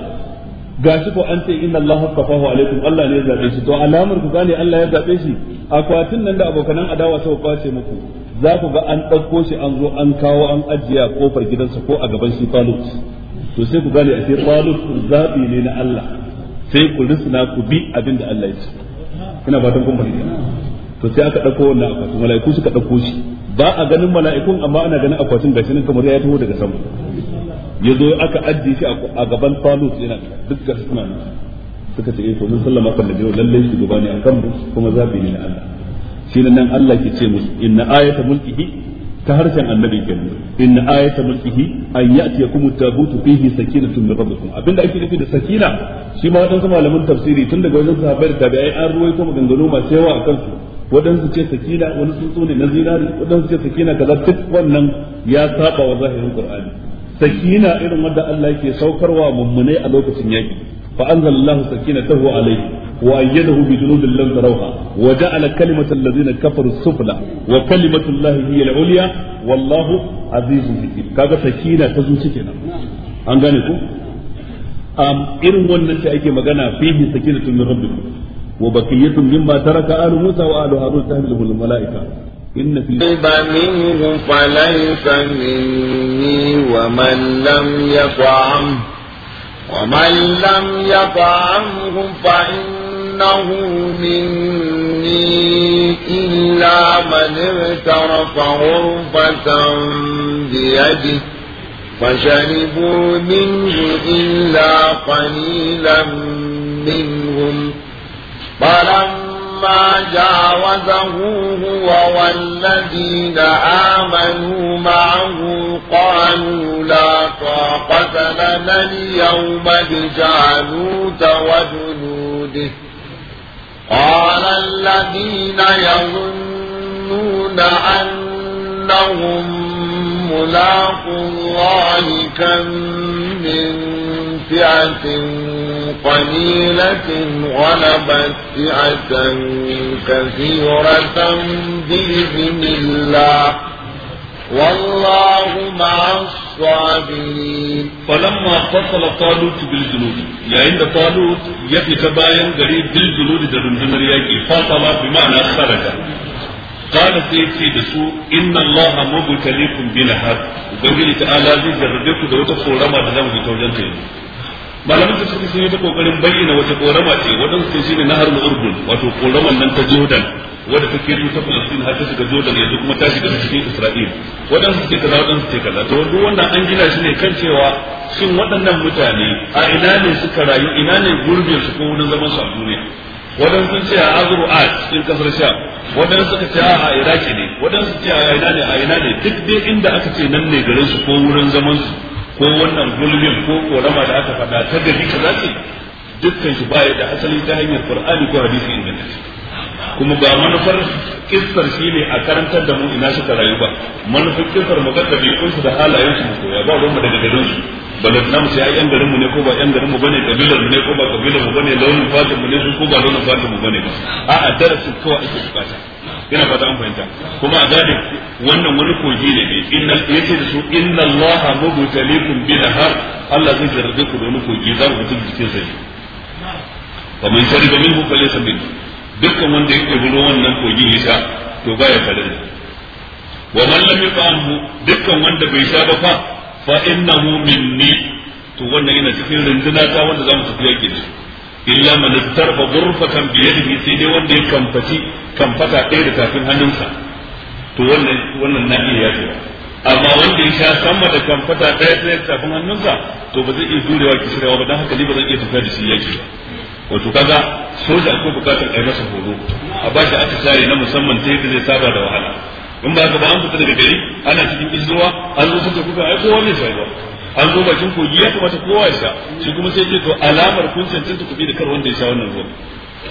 gashi ko an ce inna Allah kafahu alaikum Allah ne ya zabe shi to alamar ku gane Allah ya zabe shi akwatin nan da abokanan adawa sau kwace muku za ku ga an ɗauko shi an zo an kawo an ajiye a kofar gidansa ko a gaban shi falut to sai ku gane a sai falut zaɓi ne na Allah sai ku risna ku bi abin da Allah ya ce ina fatan kun fahimta to sai aka ɗauko wannan akwatin mala'iku suka ɗauko shi ba a ganin mala'ikun amma ana ganin akwatin gashi nan kamar ya taho daga sama ya zo aka ajiye shi a gaban falut yana duk gashi suna suka ce eh to mun sallama kan da lalle gaba ne a kan kuma zaɓi ne na Allah shine nan Allah ke ce musu inna ayata mulkihi ta harshen annabi kenan inna ayata mulkihi an ya'tiyakum at-tabutu fihi sakinatun min rabbikum abinda ake nufi da sakina shi ma wadansu malaman tafsiri tun daga wajen sahabbai da tabi'ai an ruwaito maganganu masu yawa akan su wadansu ce sakina wani tsuntsu na zinari wadansu ce sakina kaza duk wannan ya saba wa zahirin qur'ani sakina irin wanda Allah yake saukarwa mummunai a lokacin yaki fa anzalallahu sakinatahu alayhi وأيده بجنود لم تروها وجعل كلمة الذين كفروا السفلى وكلمة الله هي العليا والله عزيز حكيم كذا سكينة تزوجتنا أنغانيكم أم إن وننتي أيكي مغانا فيه سكينة من ربكم وبقية مما ترك آل موسى وآل هارون تهله الملائكة إن في قرب منه فليس مني ومن لم يطعمه ومن لم يطعمه فإن أنه مني إلا من اغترف غرفة بيده فشربوا منه إلا قليلا منهم فلما جاوزه هو والذين آمنوا معه قالوا لا طاقة لنا اليوم بجعلوت وجنوده قال الذين يظنون أنهم ملاق الله كم من فئة قليلة غلبت فئة كثيرة بإذن الله والله مع الصابرين فلما اتصل طالوت بالجنود يا عند طالوت يبي تباين قريب بالجنود دون يجي فصل بمعنى خرج قال سيدي دسو إن الله مبتليكم بنهر لي تعالى زي دوت الصوره ما دزام في توجنتين malamin da suka sun yi ta kokarin bayyana wata korama ce waɗansu sun shine nahar urdun wato koraman nan ta jordan wadda ta keto ta falastin har ta shiga jordan yanzu kuma ta shiga cikin isra'il waɗansu suke kaza waɗansu suke kaza to duk wannan an gina shi ne kan cewa shin waɗannan mutane a ina ne suka rayu ina ne gurbin su ko wurin zaman su a duniya wadan sun ce a azuru a cikin kasar sham waɗansu suka ce a iraki ne waɗansu su ce a ina ne a ina ne duk dai inda aka ce nan ne garin su ko wurin zaman su ko wannan gulbin ko korama da aka faɗa ta gari kaza ce dukkan shi baya da asali ta hanyar qur'ani ko hadisi ne. kuma ba manufar kissar shi ne a karantar da mu ina suka rayu ba manufar kissar mu bai ɗabi'unsu da su mu ya ba ruwanmu daga su ba da namu sai ai yan garin mu ne ko ba yan garin mu bane kabilar mu ne ko ba kabilar mu bane launin fatin mu ne su ko ba launin fatin mu bane ba a'a darasin kawai ake bukata ina fata an fahimta kuma a gadi wannan wani kogi ne ne inna yace da su inna allaha mubtalikum bi nahar Allah zai jarrabe ku da wani kogi za ku fitar jikin sai ne fa min shariba minhu falaysa dukkan wanda yake buro wannan kogin ya sha to ba ya da wa man lam yut'amhu dukkan wanda bai sha ba fa fa innahu minni to wannan yana cikin runduna ta wanda zamu tafi yake da illa man tarfa ghurfatan bi yadihi sai dai wanda ya kamfaci kamfata ɗaya da tafin hannunsa to wannan wannan na iya yajewa amma wanda ya sha sama da kamfata ɗaya da tafin hannunsa to ba zai iya durewa kishirewa ba dan haka ni ba zan iya tafiya da shi yake ba wato kaga soja akwai bukatar a yi masa horo a ba shi aka tsari na musamman ta da zai saba da wahala in ba ka ba an fita daga gari ana cikin izuwa an zo suka kuka ai kowa ne sai ba an zo bakin kogi ya kamata kowa ya sha shi kuma sai ce to alamar kun cancanta ku bi da kar wanda ya sha wannan ruwan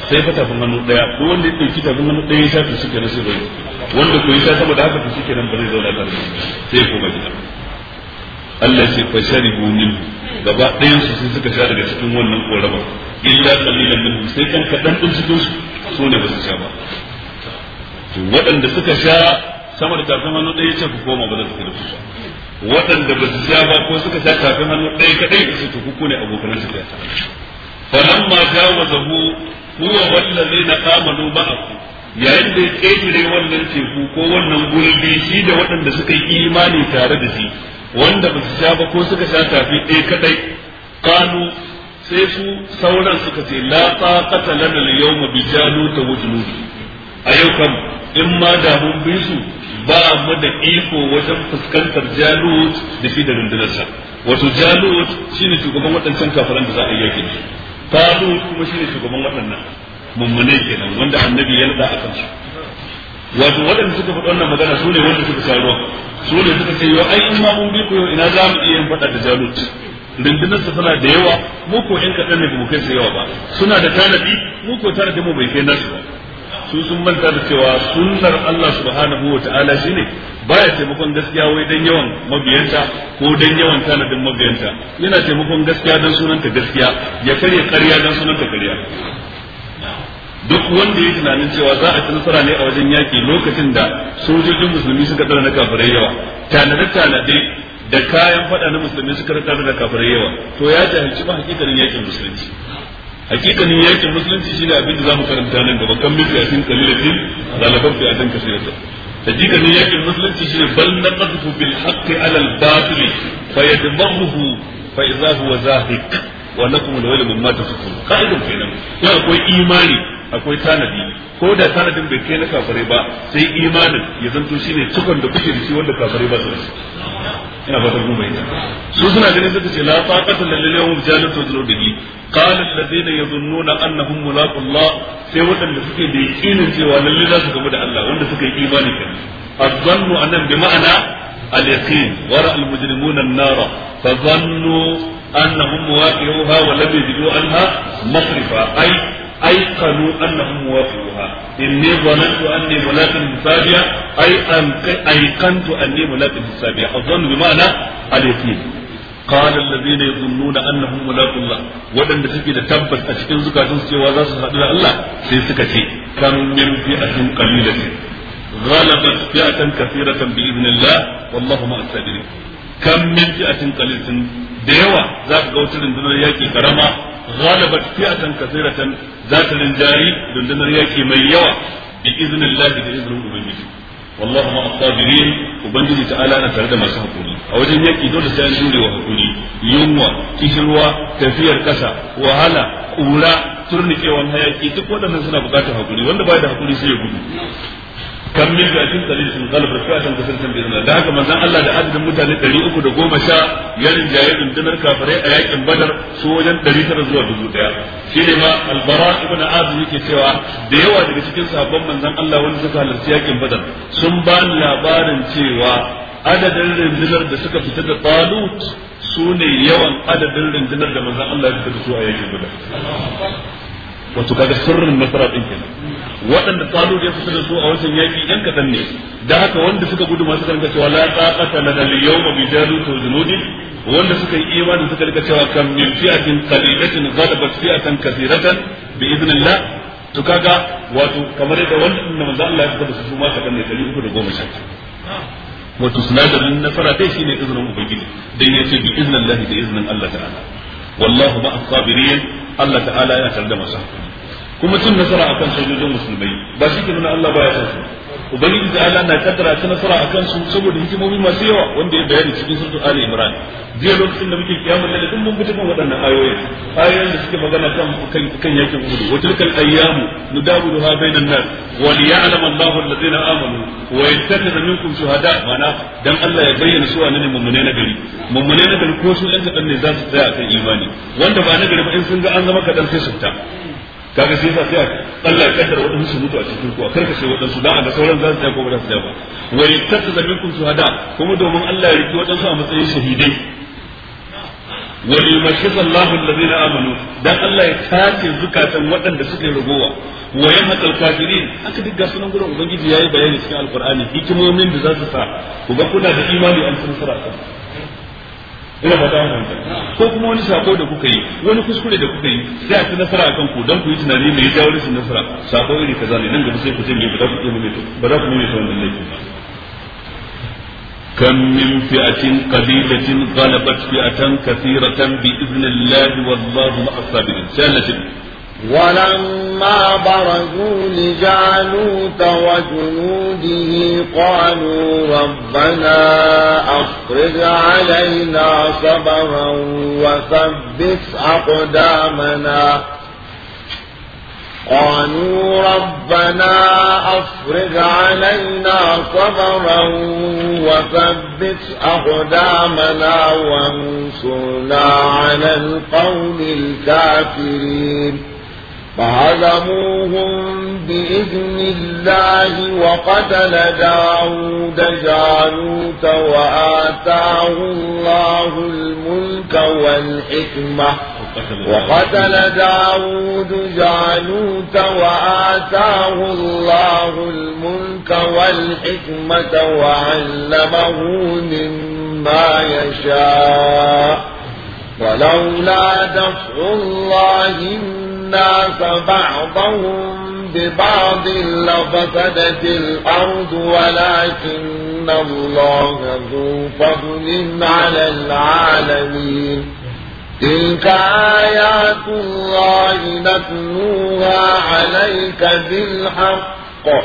sai fa tafin hannu daya ko wanda ya dauki tafin hannu daya ya sha to shi kenan sai wanda ko ya sha saboda haka to shi kenan ba zai zauna tare sai ya koma gida Allah ce fa sharibu min gaba ɗayan su sai suka sha daga cikin wannan korama illa qalilan min sai kan kadan din cikin su so ne ba su sha ba to waɗanda suka sha sama da tafin hannu ɗaya ce ku koma ba za su kira su sha waɗanda ba su sha ba ko suka sha tafin hannu ɗaya kadai su to ku ne abokan su ya falamma jawazahu huwa wallazina amanu ma'ahu yayin da ya ƙetare wannan teku ko wannan gurbi shi da waɗanda suka yi imani tare da shi wanda ba su sha ba ko suka sha tafi ɗaya kadai kanu sai su sauran suka ce la taqata lana al-yawma bi jalut wa junud a yau kam in ma da mun bi su ba mu da iko wajen fuskantar jalut da shi da rundunarsa wato jalut shine shugaban waɗancan kafiran da za a yi yakin su talut kuma shine shugaban waɗannan mummune kenan wanda annabi ya nada a kansu wato waɗanda suka faɗi wannan magana su ne wanda suka sha ruwan su ne suka ce yau ai in ma mun bi ku yau ina za mu iya yin faɗa da jalut rundunarsa suna da yawa mu ko in kaɗan ne kai su yawa ba suna da tanadi mu ko tanadi mu bai kai nasu ba su sun manta da cewa sunnar Allah subhanahu wa ta'ala shine baya taimakon gaskiya wai dan yawan mabiyanta ko dan yawan tanadin mabiyanta yana taimakon gaskiya dan sunanta gaskiya ya karya karya dan sunanta karya duk wanda ya tunanin cewa za a ci nasara ne a wajen yaki lokacin da sojojin musulmi suka tsara na kafirai yawa tanade tanade da kayan fada na musulmi suka tsara na kafirai yawa to ya jahilci ba hakikanin yaƙin musulunci hakikanin yakin musulunci shine abin da zamu karanta nan gaba kan a asin qalilatin zalabat fi adan ta. hakikanin yakin musulunci shine bal naqadhu bil haqqi ala al batil fayadmahu fa idha huwa zahiq wa lakum al-wayl mimma tasifun kaidan kenan ya akwai imani akwai tanadi ko da tanadin bai kai na kafare ba sai imanin ya zanto shine cikon da kuke da shi wanda kafare ba su da ina ba ta goma ita su suna ganin suka ce la taqata lil yawm jalatu zunubi qala alladhina yadhunnuna annahum mulaqullah sai wadanda suke da yakinin cewa lalle za su gamu da Allah wanda suka yi imani kan azzannu annan bi ma'ana al-yaqin wara al-mujrimuna an-nar fa zannu annahum waqi'uha wa lam yajidu anha masrifa ay أيقنوا أنهم موافقوها إني ظننت أني ملاك حسابيا أي أيقنت أني ملاك حسابيا الظن بمعنى اليقين قال الذين يظنون أنهم ملاك الله ودن سكي تبت أشكين زكاة سوى ذات الله سيسكتي كم من فئة قليلة غلبت فئة كثيرة بإذن الله والله مع الصابرين كم من فئة قليلة da yawa za ka ga wata rundunar yaƙi karama ghalabat fi'atan kathiratan zata rinjayi dundunar yaki mai yawa bi iznillahi da izinin ubangiji wallahu ma as-sabirin ubangiji ta'ala na tare da masu hakuri a wajen yaki dole sai an jure wa hakuri yunwa kishirwa tafiyar ƙasa wahala kura turnikewan hayaki duk waɗannan suna buƙatar hakuri wanda baya da hakuri sai ya gudu kan min fi'atin qalilatin ghalabat fi'atan kathiratan bi idhnillah da haka manzon Allah da adadin mutane 310 yarin rinjaye rundunar kafirai a yakin Badar su wajen 900 zuwa 1000 shine ma albara bara ibn Azib yake cewa da yawa daga cikin sahabban manzon Allah wanda suka halarci yakin Badar sun ba labarin cewa adadin rundunar da suka fita da Talut su ne yawan adadin rundunar da manzon Allah ya fita da su a yakin Badar wato kaga sirrin nasara din kenan waɗanda tsalo da fita da su a wancan yaki ɗan kaɗan ne da haka wanda suka gudu masu karanta cewa la taqata lana al-yawma bi jalut wa junudi wanda suka yi imani suka rika cewa kam min fi'atin qalilatin ghalabat fi'atan kathiratan bi idnillah to kaga wato kamar da wanda manzo Allah ya fita da su ma kaɗan ne 310 wato sinadarin nasara dai shine izinin ubangiji dan yace bi iznillahi da iznin Allah ta'ala wallahu ma'a sabirin Allah ta'ala yana tare da masu kuma cin nasara akan sojojin musulmai ba shi ke nuna Allah baya son su ubangiji da Allah na kaddara ta nasara akan su saboda hikimomi masu yawa wanda ya bayani cikin suratul ali imran jiya lokacin da muke kiyamul lail din mun gudu kan waɗannan ayoyin ayoyin da suke magana kan kan kan yakin gudu wa tilkal ayyamu nudawiluha bainan nas wa liya'lam Allahu alladhina amanu wa yattakhidha minkum shuhada mana dan Allah ya bayyana su annabi mummune na gari mummune na gari ko su ɗan ne za su tsaya akan imani wanda ba na gari ba in sun ga an zama kaɗan sai su fita kaga sai yasa sai Allah ya kaddara wadansu su mutu a cikin kar ka karkashe wadansu dan aga sauran za su tsaya ko ba za su tsaya ba wa yattakhadha minkum shuhada kuma domin Allah ya riki wadansu a matsayin shahidai wa yumashshisa Allahu na amanu dan Allah ya tace zukatan wadanda suka yi rugowa wa yamhaq al-kafirin aka diga sunan gurin ubangiji yayi bayani cikin alqur'ani hikimomin da za su sa ku ga kuna da imani an tsara ina ba ta hanta ko kuma wani sako da kuka yi wani kuskure da kuka yi sai a ci nasara akan ku dan ku yi tunani mai jawo rashin nasara sako iri kaza ne nan gaba sai ku ce me ba za ku iya maimaita ba za ku maimaita wannan laifin ba كم من فئة قليلة غلبت فئة كثيرة بإذن الله والله مع الصابرين. ولما برزوا لجالوت وجنوده قالوا ربنا أخرج علينا صبرا وثبت أقدامنا قالوا ربنا أفرغ علينا صبرا وثبت أقدامنا وانصرنا على القوم الكافرين فهزموهم بإذن الله وقتل داود جالوت وآتاه الله الملك والحكمة وقتل داود جالوت وآتاه الله الملك والحكمة وعلمه مما يشاء ولولا دفع الله الناس الناس بعضهم ببعض لفسدت الأرض ولكن الله ذو فضل على العالمين تلك آيات الله نتلوها عليك بالحق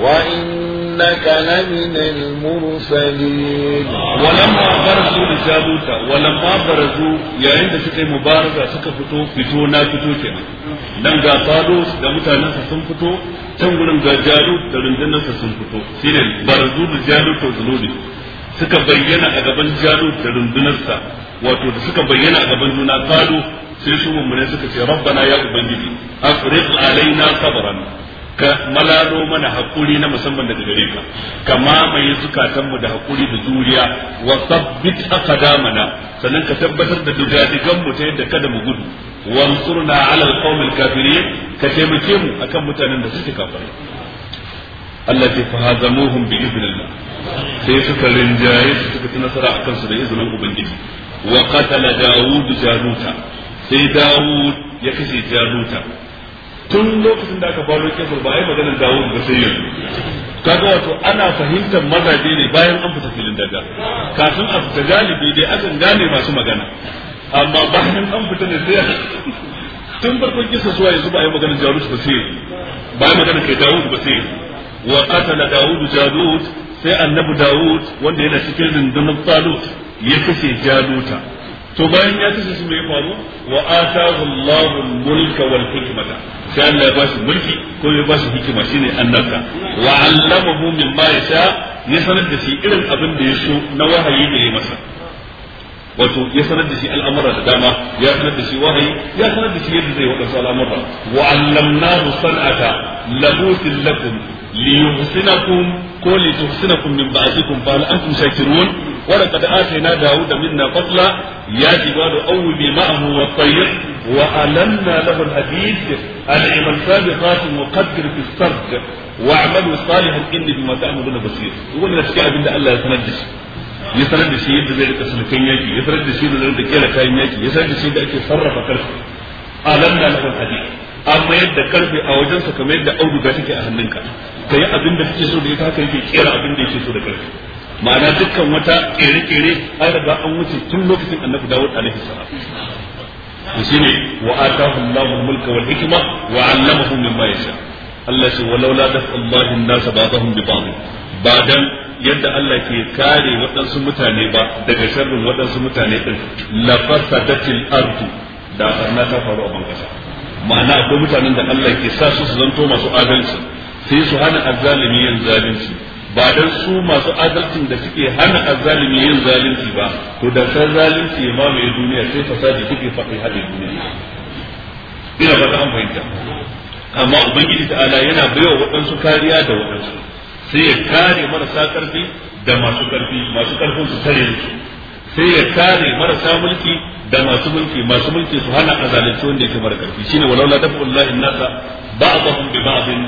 وإن إنك لمن المرسلين ولما برزوا لجالوت ولما برزوا يا عند سكي مبارزة سكفتو فتو ناكتو كنا لم جا طالوس لم تانا سن فتو تنقلن جا جالوت لرندنا سن فتو سيرين برزوا لجالوت وزلولي suka bayyana a gaban jalut da rundunarsa wato da suka bayyana a gaban juna kalu sai su mummune suka ce rabbana ya ubangiji afriq alaina sabran ka malalo mana hakuri na musamman daga gare ka ka mamaye zukatanmu da hakuri da juriya wa sabbit aqdamana sannan ka tabbatar da dukkan mu ta yadda kada mu gudu ansurna ala alqawmil kafirin ka taimake mu akan mutanen da suke kafirai Allah ya fahazamuhum bi idnillah sai suka rinjaye su suka nasara akan su da izinin ubangiji wa qatala daud jaluta sai daud ya kashe Jaruta. tun lokacin da aka faro kisar ba ya maganin dawo ba sai yanzu kaga wato ana fahimtar mazaje ne bayan an fita filin daga kafin a fita galibi dai akan gane masu magana amma bayan an fita ne sai tun farkon kisa suwa yanzu ba ai maganar jalut ba sai ba ya maganin kai dawud ba sai wa qatala dawud jarut sai annabi dawud wanda yana cikin dindin salut ya kashe jaluta to bayan ya kashe su mai faru wa atahu Allahu mulka wal hikmata sai Allah ya bashi mulki ko ya bashi hikima shine annabta wa allamahu mimma yasha ya sanar da shi irin abin da ya so na wahayi da ya masa wato ya sanar da shi al'amura da dama ya sanar da shi wahayi ya sanar da shi yadda zai wadansu al'amura wa allamnahu san'ata labutin lakum liyuhsinakum ko lituhsinakum min ba'dikum fa la antum shakirun wa laqad atayna dawuda minna fadla ya jibadu awwi bi ma'ahu wa tayyib wa alanna lahu al-hadid al-iman sabiqat muqaddir fi as wa a'malu salihan inni bima ta'maluna basir wannan shi abinda Allah ya sanar da shi ya sanar da shi yadda zai rika sulkan yaki ya sanar da shi da zai da kera kayan yaki ya sanar da shi da ake sarrafa karfe alam na nan hadi amma yadda karfe a wajen sa kamar yadda auduga take a hannunka kai abin da kake so da ita haka yake kera abin da yake so da karfi ma'ana dukkan wata kere-kere an riga an wuce tun lokacin annabi dawud alaihi salam to shine wa atahu Allahu al-mulka wal hikma wa 'allamahu mimma yasha Allah shi walaula dafa nasa bi ba'd yadda Allah ke kare waɗansu mutane ba daga sharrin waɗansu mutane din la fasadatil ardu da barna ta faru a bankasa ma'ana akwai mutanen da Allah ke sa su su zanto masu adalci sai su hana azzalimi yin zalunci ba dan su masu adalcin da suke hana azzalimi yin zalunci ba to da san zalunci ya mamaye duniya sai fasadi kuke faɗi haɗe duniya ina ba ta amfani fahimta amma ubangiji ta'ala yana baiwa waɗansu kariya da waɗansu sai ya kare marasa karfi da masu karfi masu karfin su tare su sai ya kare marasa mulki da masu mulki masu mulki su hana azalunci wanda yake mara karfi shine walaula dafullahi nasa ba'dahum bi ba'din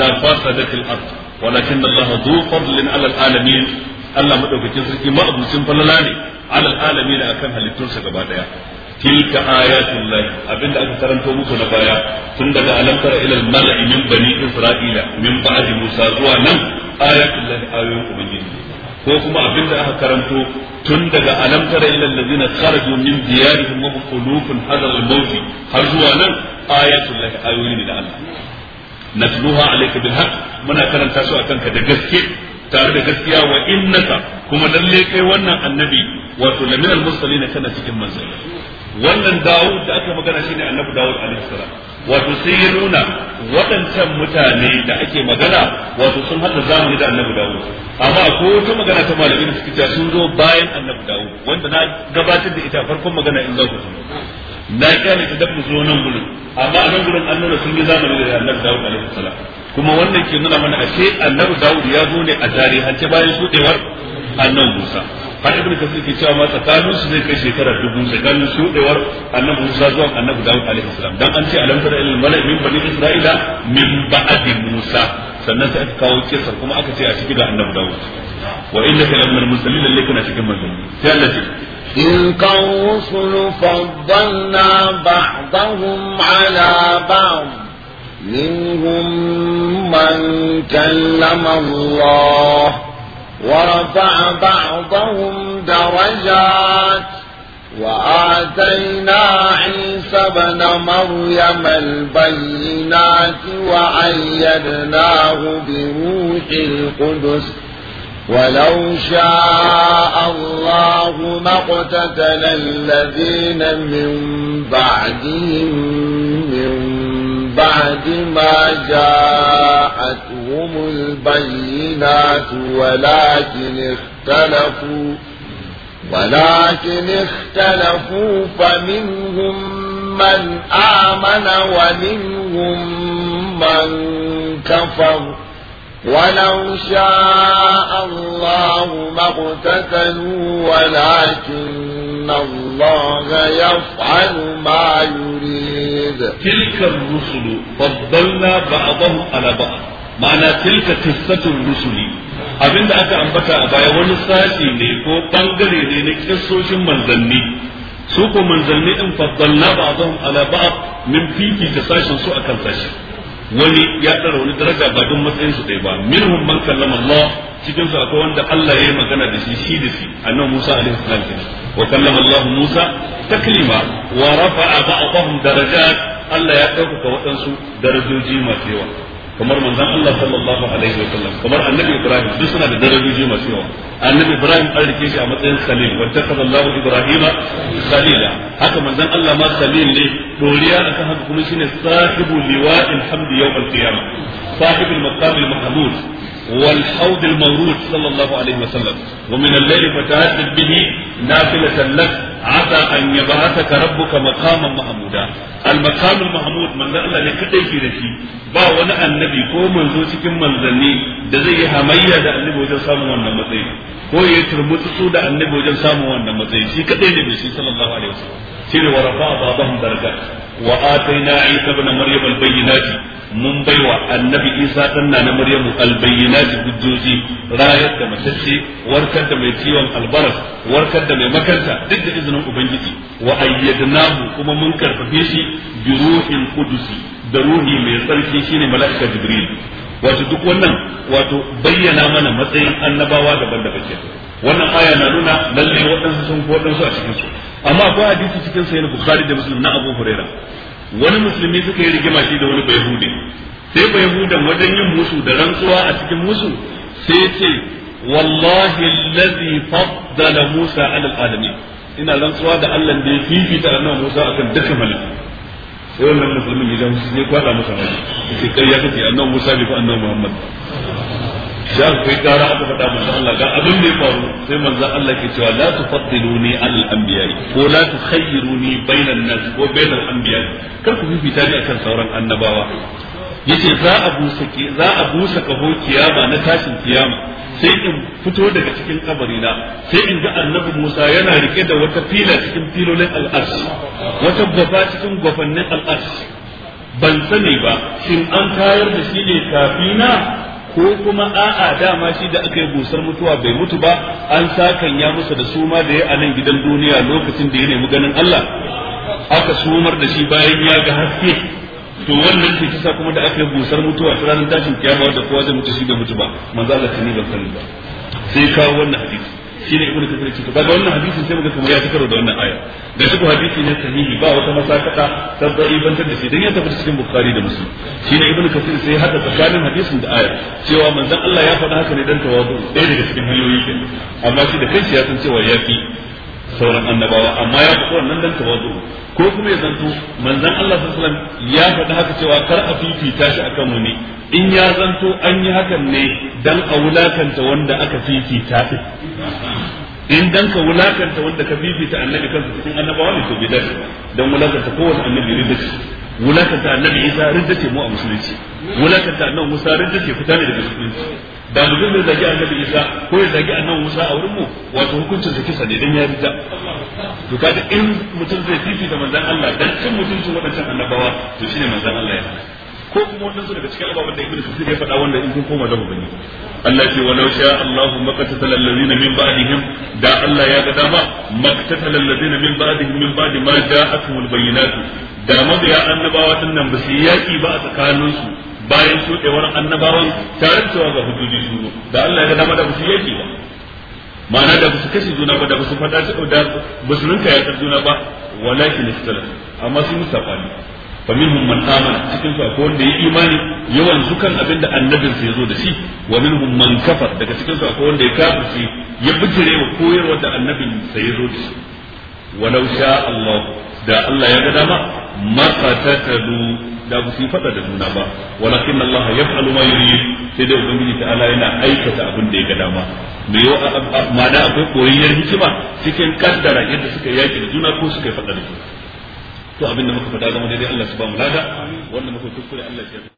la fasadat al-ard walakin Allah dhu fadlin 'ala al-alamin Allah madaukakin sarki ma'abucin falala ne 'ala al-alamin akan halittunsa gaba daya tilka ayatul lahi abinda aka karanto muku na baya tun daga alamtar ila mala'i min bani isra'ila min ba'di musa zuwa nan ayatul lahi ayoyin ubangiji ko kuma abinda aka karanto tun daga alamtar ila allazina kharaju min diyarihim wa qulubun hadar al-maut har zuwa nan ayatul lahi ayoyin da Allah natluha alayka bil haqq muna karanta su akan ka da gaske tare da gaskiya wa innaka kuma lalle kai wannan annabi wato lamina al-mursalin kana cikin manzali wannan Dawud da aka magana shine Annabi Dawud alaihi salam wato sai ya nuna waɗancan mutane da ake magana wato sun haɗa zamani da Annabi Dawud amma a kowace magana ta malami da suke sun zo bayan Annabi Dawud wanda na gabatar da ita farkon magana in za ku na kyale ta dafa zo nan gurin amma a nan gurin an nuna sun yi zamani da Annabi Dawud alaihi salam kuma wannan ke nuna mana ashe Annabi Dawud ya zo ne a tarihance bayan shudewar Annabi Musa har ibn kasir ke cewa ma tsakanin su zai kai shekara dubu tsakanin shudewar annabi Musa zuwa annabi Dawud alaihi salam dan an ce alam tara ilal mala'i min bani isra'ila min ba'di Musa sannan sai aka kawo kisar kuma aka ce a ciki ga annabi Dawud wa innaka lamal musallin lalle kana cikin manzanni sai Allah ce تلك الرسل فضلنا بعضهم على بعض منهم من كلم الله ورفع بعضهم درجات وآتينا عيسى بن مريم البينات وعيدناه بروح القدس ولو شاء الله ما اقتتل الذين من بعدهم من بعد ما جاءتهم البينات ولكن اختلفوا ولكن اختلفوا فمنهم من آمن ومنهم من كفر ولو شاء الله ما اقتتلوا ولكن الله يفعل ما يريد تلك الرسل فضلنا بعضهم على بعض معنى تلك قصة الرسل abinda aka ambata a baya wani sashi ne ko bangare ne na kissoshin manzanni su ko manzanni din faddalna ba'dhum ala ba'd min fiki ta sashin su akan sashi wani ya tsara wani daraja ba don matsayin su ɗaya ba minhum man kallama Allah cikin su akwai wanda Allah ya yi magana da shi shi da shi annabi Musa alaihi salam wa kallama Allah Musa taklima wa rafa'a ba'dahum darajat Allah ya ɗaukaka waɗansu darajoji masu yawa kamar manzon Allah sallallahu alaihi wa sallam kamar annabi Ibrahim duk suna da darajoji masu yawa annabi Ibrahim an rike shi a matsayin khalil wattakhadha Allah ibrahim khalila haka manzon Allah ma khalil ne doriya akan haka kuma shine sahibu liwa'il hamd yawm al-qiyamah sahibu al-maqam al-mahmud والحوض المورود صلى الله عليه وسلم ومن الليل فتهجد به نافلة لك asa an yab'athaka rabbuka maqaman mahmuda al maqamul mahmud manzo Allah ne kadai ke da shi ba wani annabi ko manzo cikin manzanni da zai yi hamayya da annabi wajen samun wannan matsayi ko ya turmutsu su da annabi wajen samun wannan matsayi shi kadai ne da shi sallallahu alaihi wasallam shine wa rafa'a ba'dahum darajat wa atayna isa ibn maryam al mun baiwa annabi isa dan na maryamu albayyinati hujjoji rayar da matacce warkar da mai ciwon albaras warkar da mai makanta duk da izinin ubangiji wa ayyadnahu kuma mun karfafe shi bi ruhin qudusi da ruhi mai tsarki shine mala'ika jibril wato duk wannan wato bayyana mana matsayin annabawa daban-daban kenan wannan aya na nuna lalle waɗansu sun ko waɗansu a cikinsu amma akwai hadisi cikin sahih bukhari da muslim na abu huraira wani musulmi suka yi rigima shi da wani bayahudi sai bayahudan wajen yin musu da rantsuwa a cikin musu sai ce wallahi allazi faddala musa alal alamin ina rantsuwa da Allah da ya fifita annabi musa akan dukkan malaka sai wannan musulmin ya ja musu sai kwada musa hali sai kai ya kace annabi musa bi fi annabi muhammad sai aka kai kara aka faɗa manzo Allah ga abin da ya faru sai manzo Allah ke cewa la tufaddiluni alal anbiya ko la tukhayyiruni bainan nas ko bainal anbiya kar ku fifita ni akan sauran annabawa yace za a busa za a busa kaho kiyama na tashin kiyama sai in fito daga cikin kabari na sai in ga annabi Musa yana rike da wata fila cikin filolin al'arsh wata gwafa cikin gwafannin al'arsh ban sani ba shin an tayar da shi ne kafina ko kuma a'a dama shi da aka yi busar mutuwa bai mutu ba an sakan ya musu da suma da ya a nan gidan duniya lokacin da ya nemi ganin Allah aka sumar da shi bayan ya ga haske to wannan ke kisa kuma da aka yi busar mutuwa ta ranar tashin kiyama da kowa zai mutu shi bai mutu ba manzo Allah tani sani ba sai kawo wannan hadisi shine ibnu kafir ce to kaga wannan hadisin sai muka kamar ya fi karo da wannan aya da shi hadisi ne sahihi ba wata masakata tabbai bantar da shi dan ya tafi cikin bukhari da muslim shine ibnu kafir sai hada tsakanin hadisin da aya cewa manzon Allah ya faɗa haka ne dan tawadu ɗaya daga cikin hanyoyi kenan amma shi da kanshi ya san cewa ya fi sauran annabawa amma ya faɗi wannan dan tawazu ko kuma ya zanto manzon Allah sallallahu alaihi wasallam ya faɗi haka cewa kar a fifita shi akan wani in ya zanto an yi hakan ne dan a wulakanta wanda aka fifita din in dan ka wulakanta wanda ka fifita annabi kansa cikin annabawa ne to bai dace dan wulakanta kowace annabi ne dace wulakanta annabi Isa ridda ce mu a musulunci wulakanta annabi Musa ridda ce fita ne daga musulunci da mutum da zagi annabi isa ko ya zagi annabi musa a wurin mu wato hukuncin sa kisa ne dan ya rija to kaga in mutum zai da manzon Allah dan cin mutuncin wadancan annabawa to shine manzon Allah ya hana ko kuma wannan su daga cikin ababen da ibnu kasir ya faɗa wanda in kun koma da bane Allah ce law sha Allahu maqtatal ladina min ba'dihim da Allah ya ga dama maqtatal ladina min ba'dihim min ba'di ma ja'atuhum albayyinatu da mabiya annabawa din nan ba su yaki ba a tsakaninsu bayan shuɗewar annabawan tare da cewa ga hujjoji su da Allah ya dama da su yake ba ma'ana da su kashe juna ba da su fada ta da su rinka yaƙar juna ba walakin istala amma sun sabani fa minhum man amana cikin su akwai wanda ya imani yawan zukan abin da annabin sa zo da shi wa minhum man kafar daga cikin su akwai wanda ya kafa shi ya bijire wa koyarwa da annabin sa zo da shi walau sha Allah da Allah ya ga dama ma qatatalu da ba su yi fada da nuna ba walakin Allah fa'alu ma yuri sai dai ubangiji ala yana aikata abin da ya ga dama me yau da akwai koyayyar hikima cikin kaddara yadda suka yaki da juna ko suka yi fada da juna to abin da muka fada zama daidai Allah subhanahu ba mu lada wanda muka kuskure Allah ya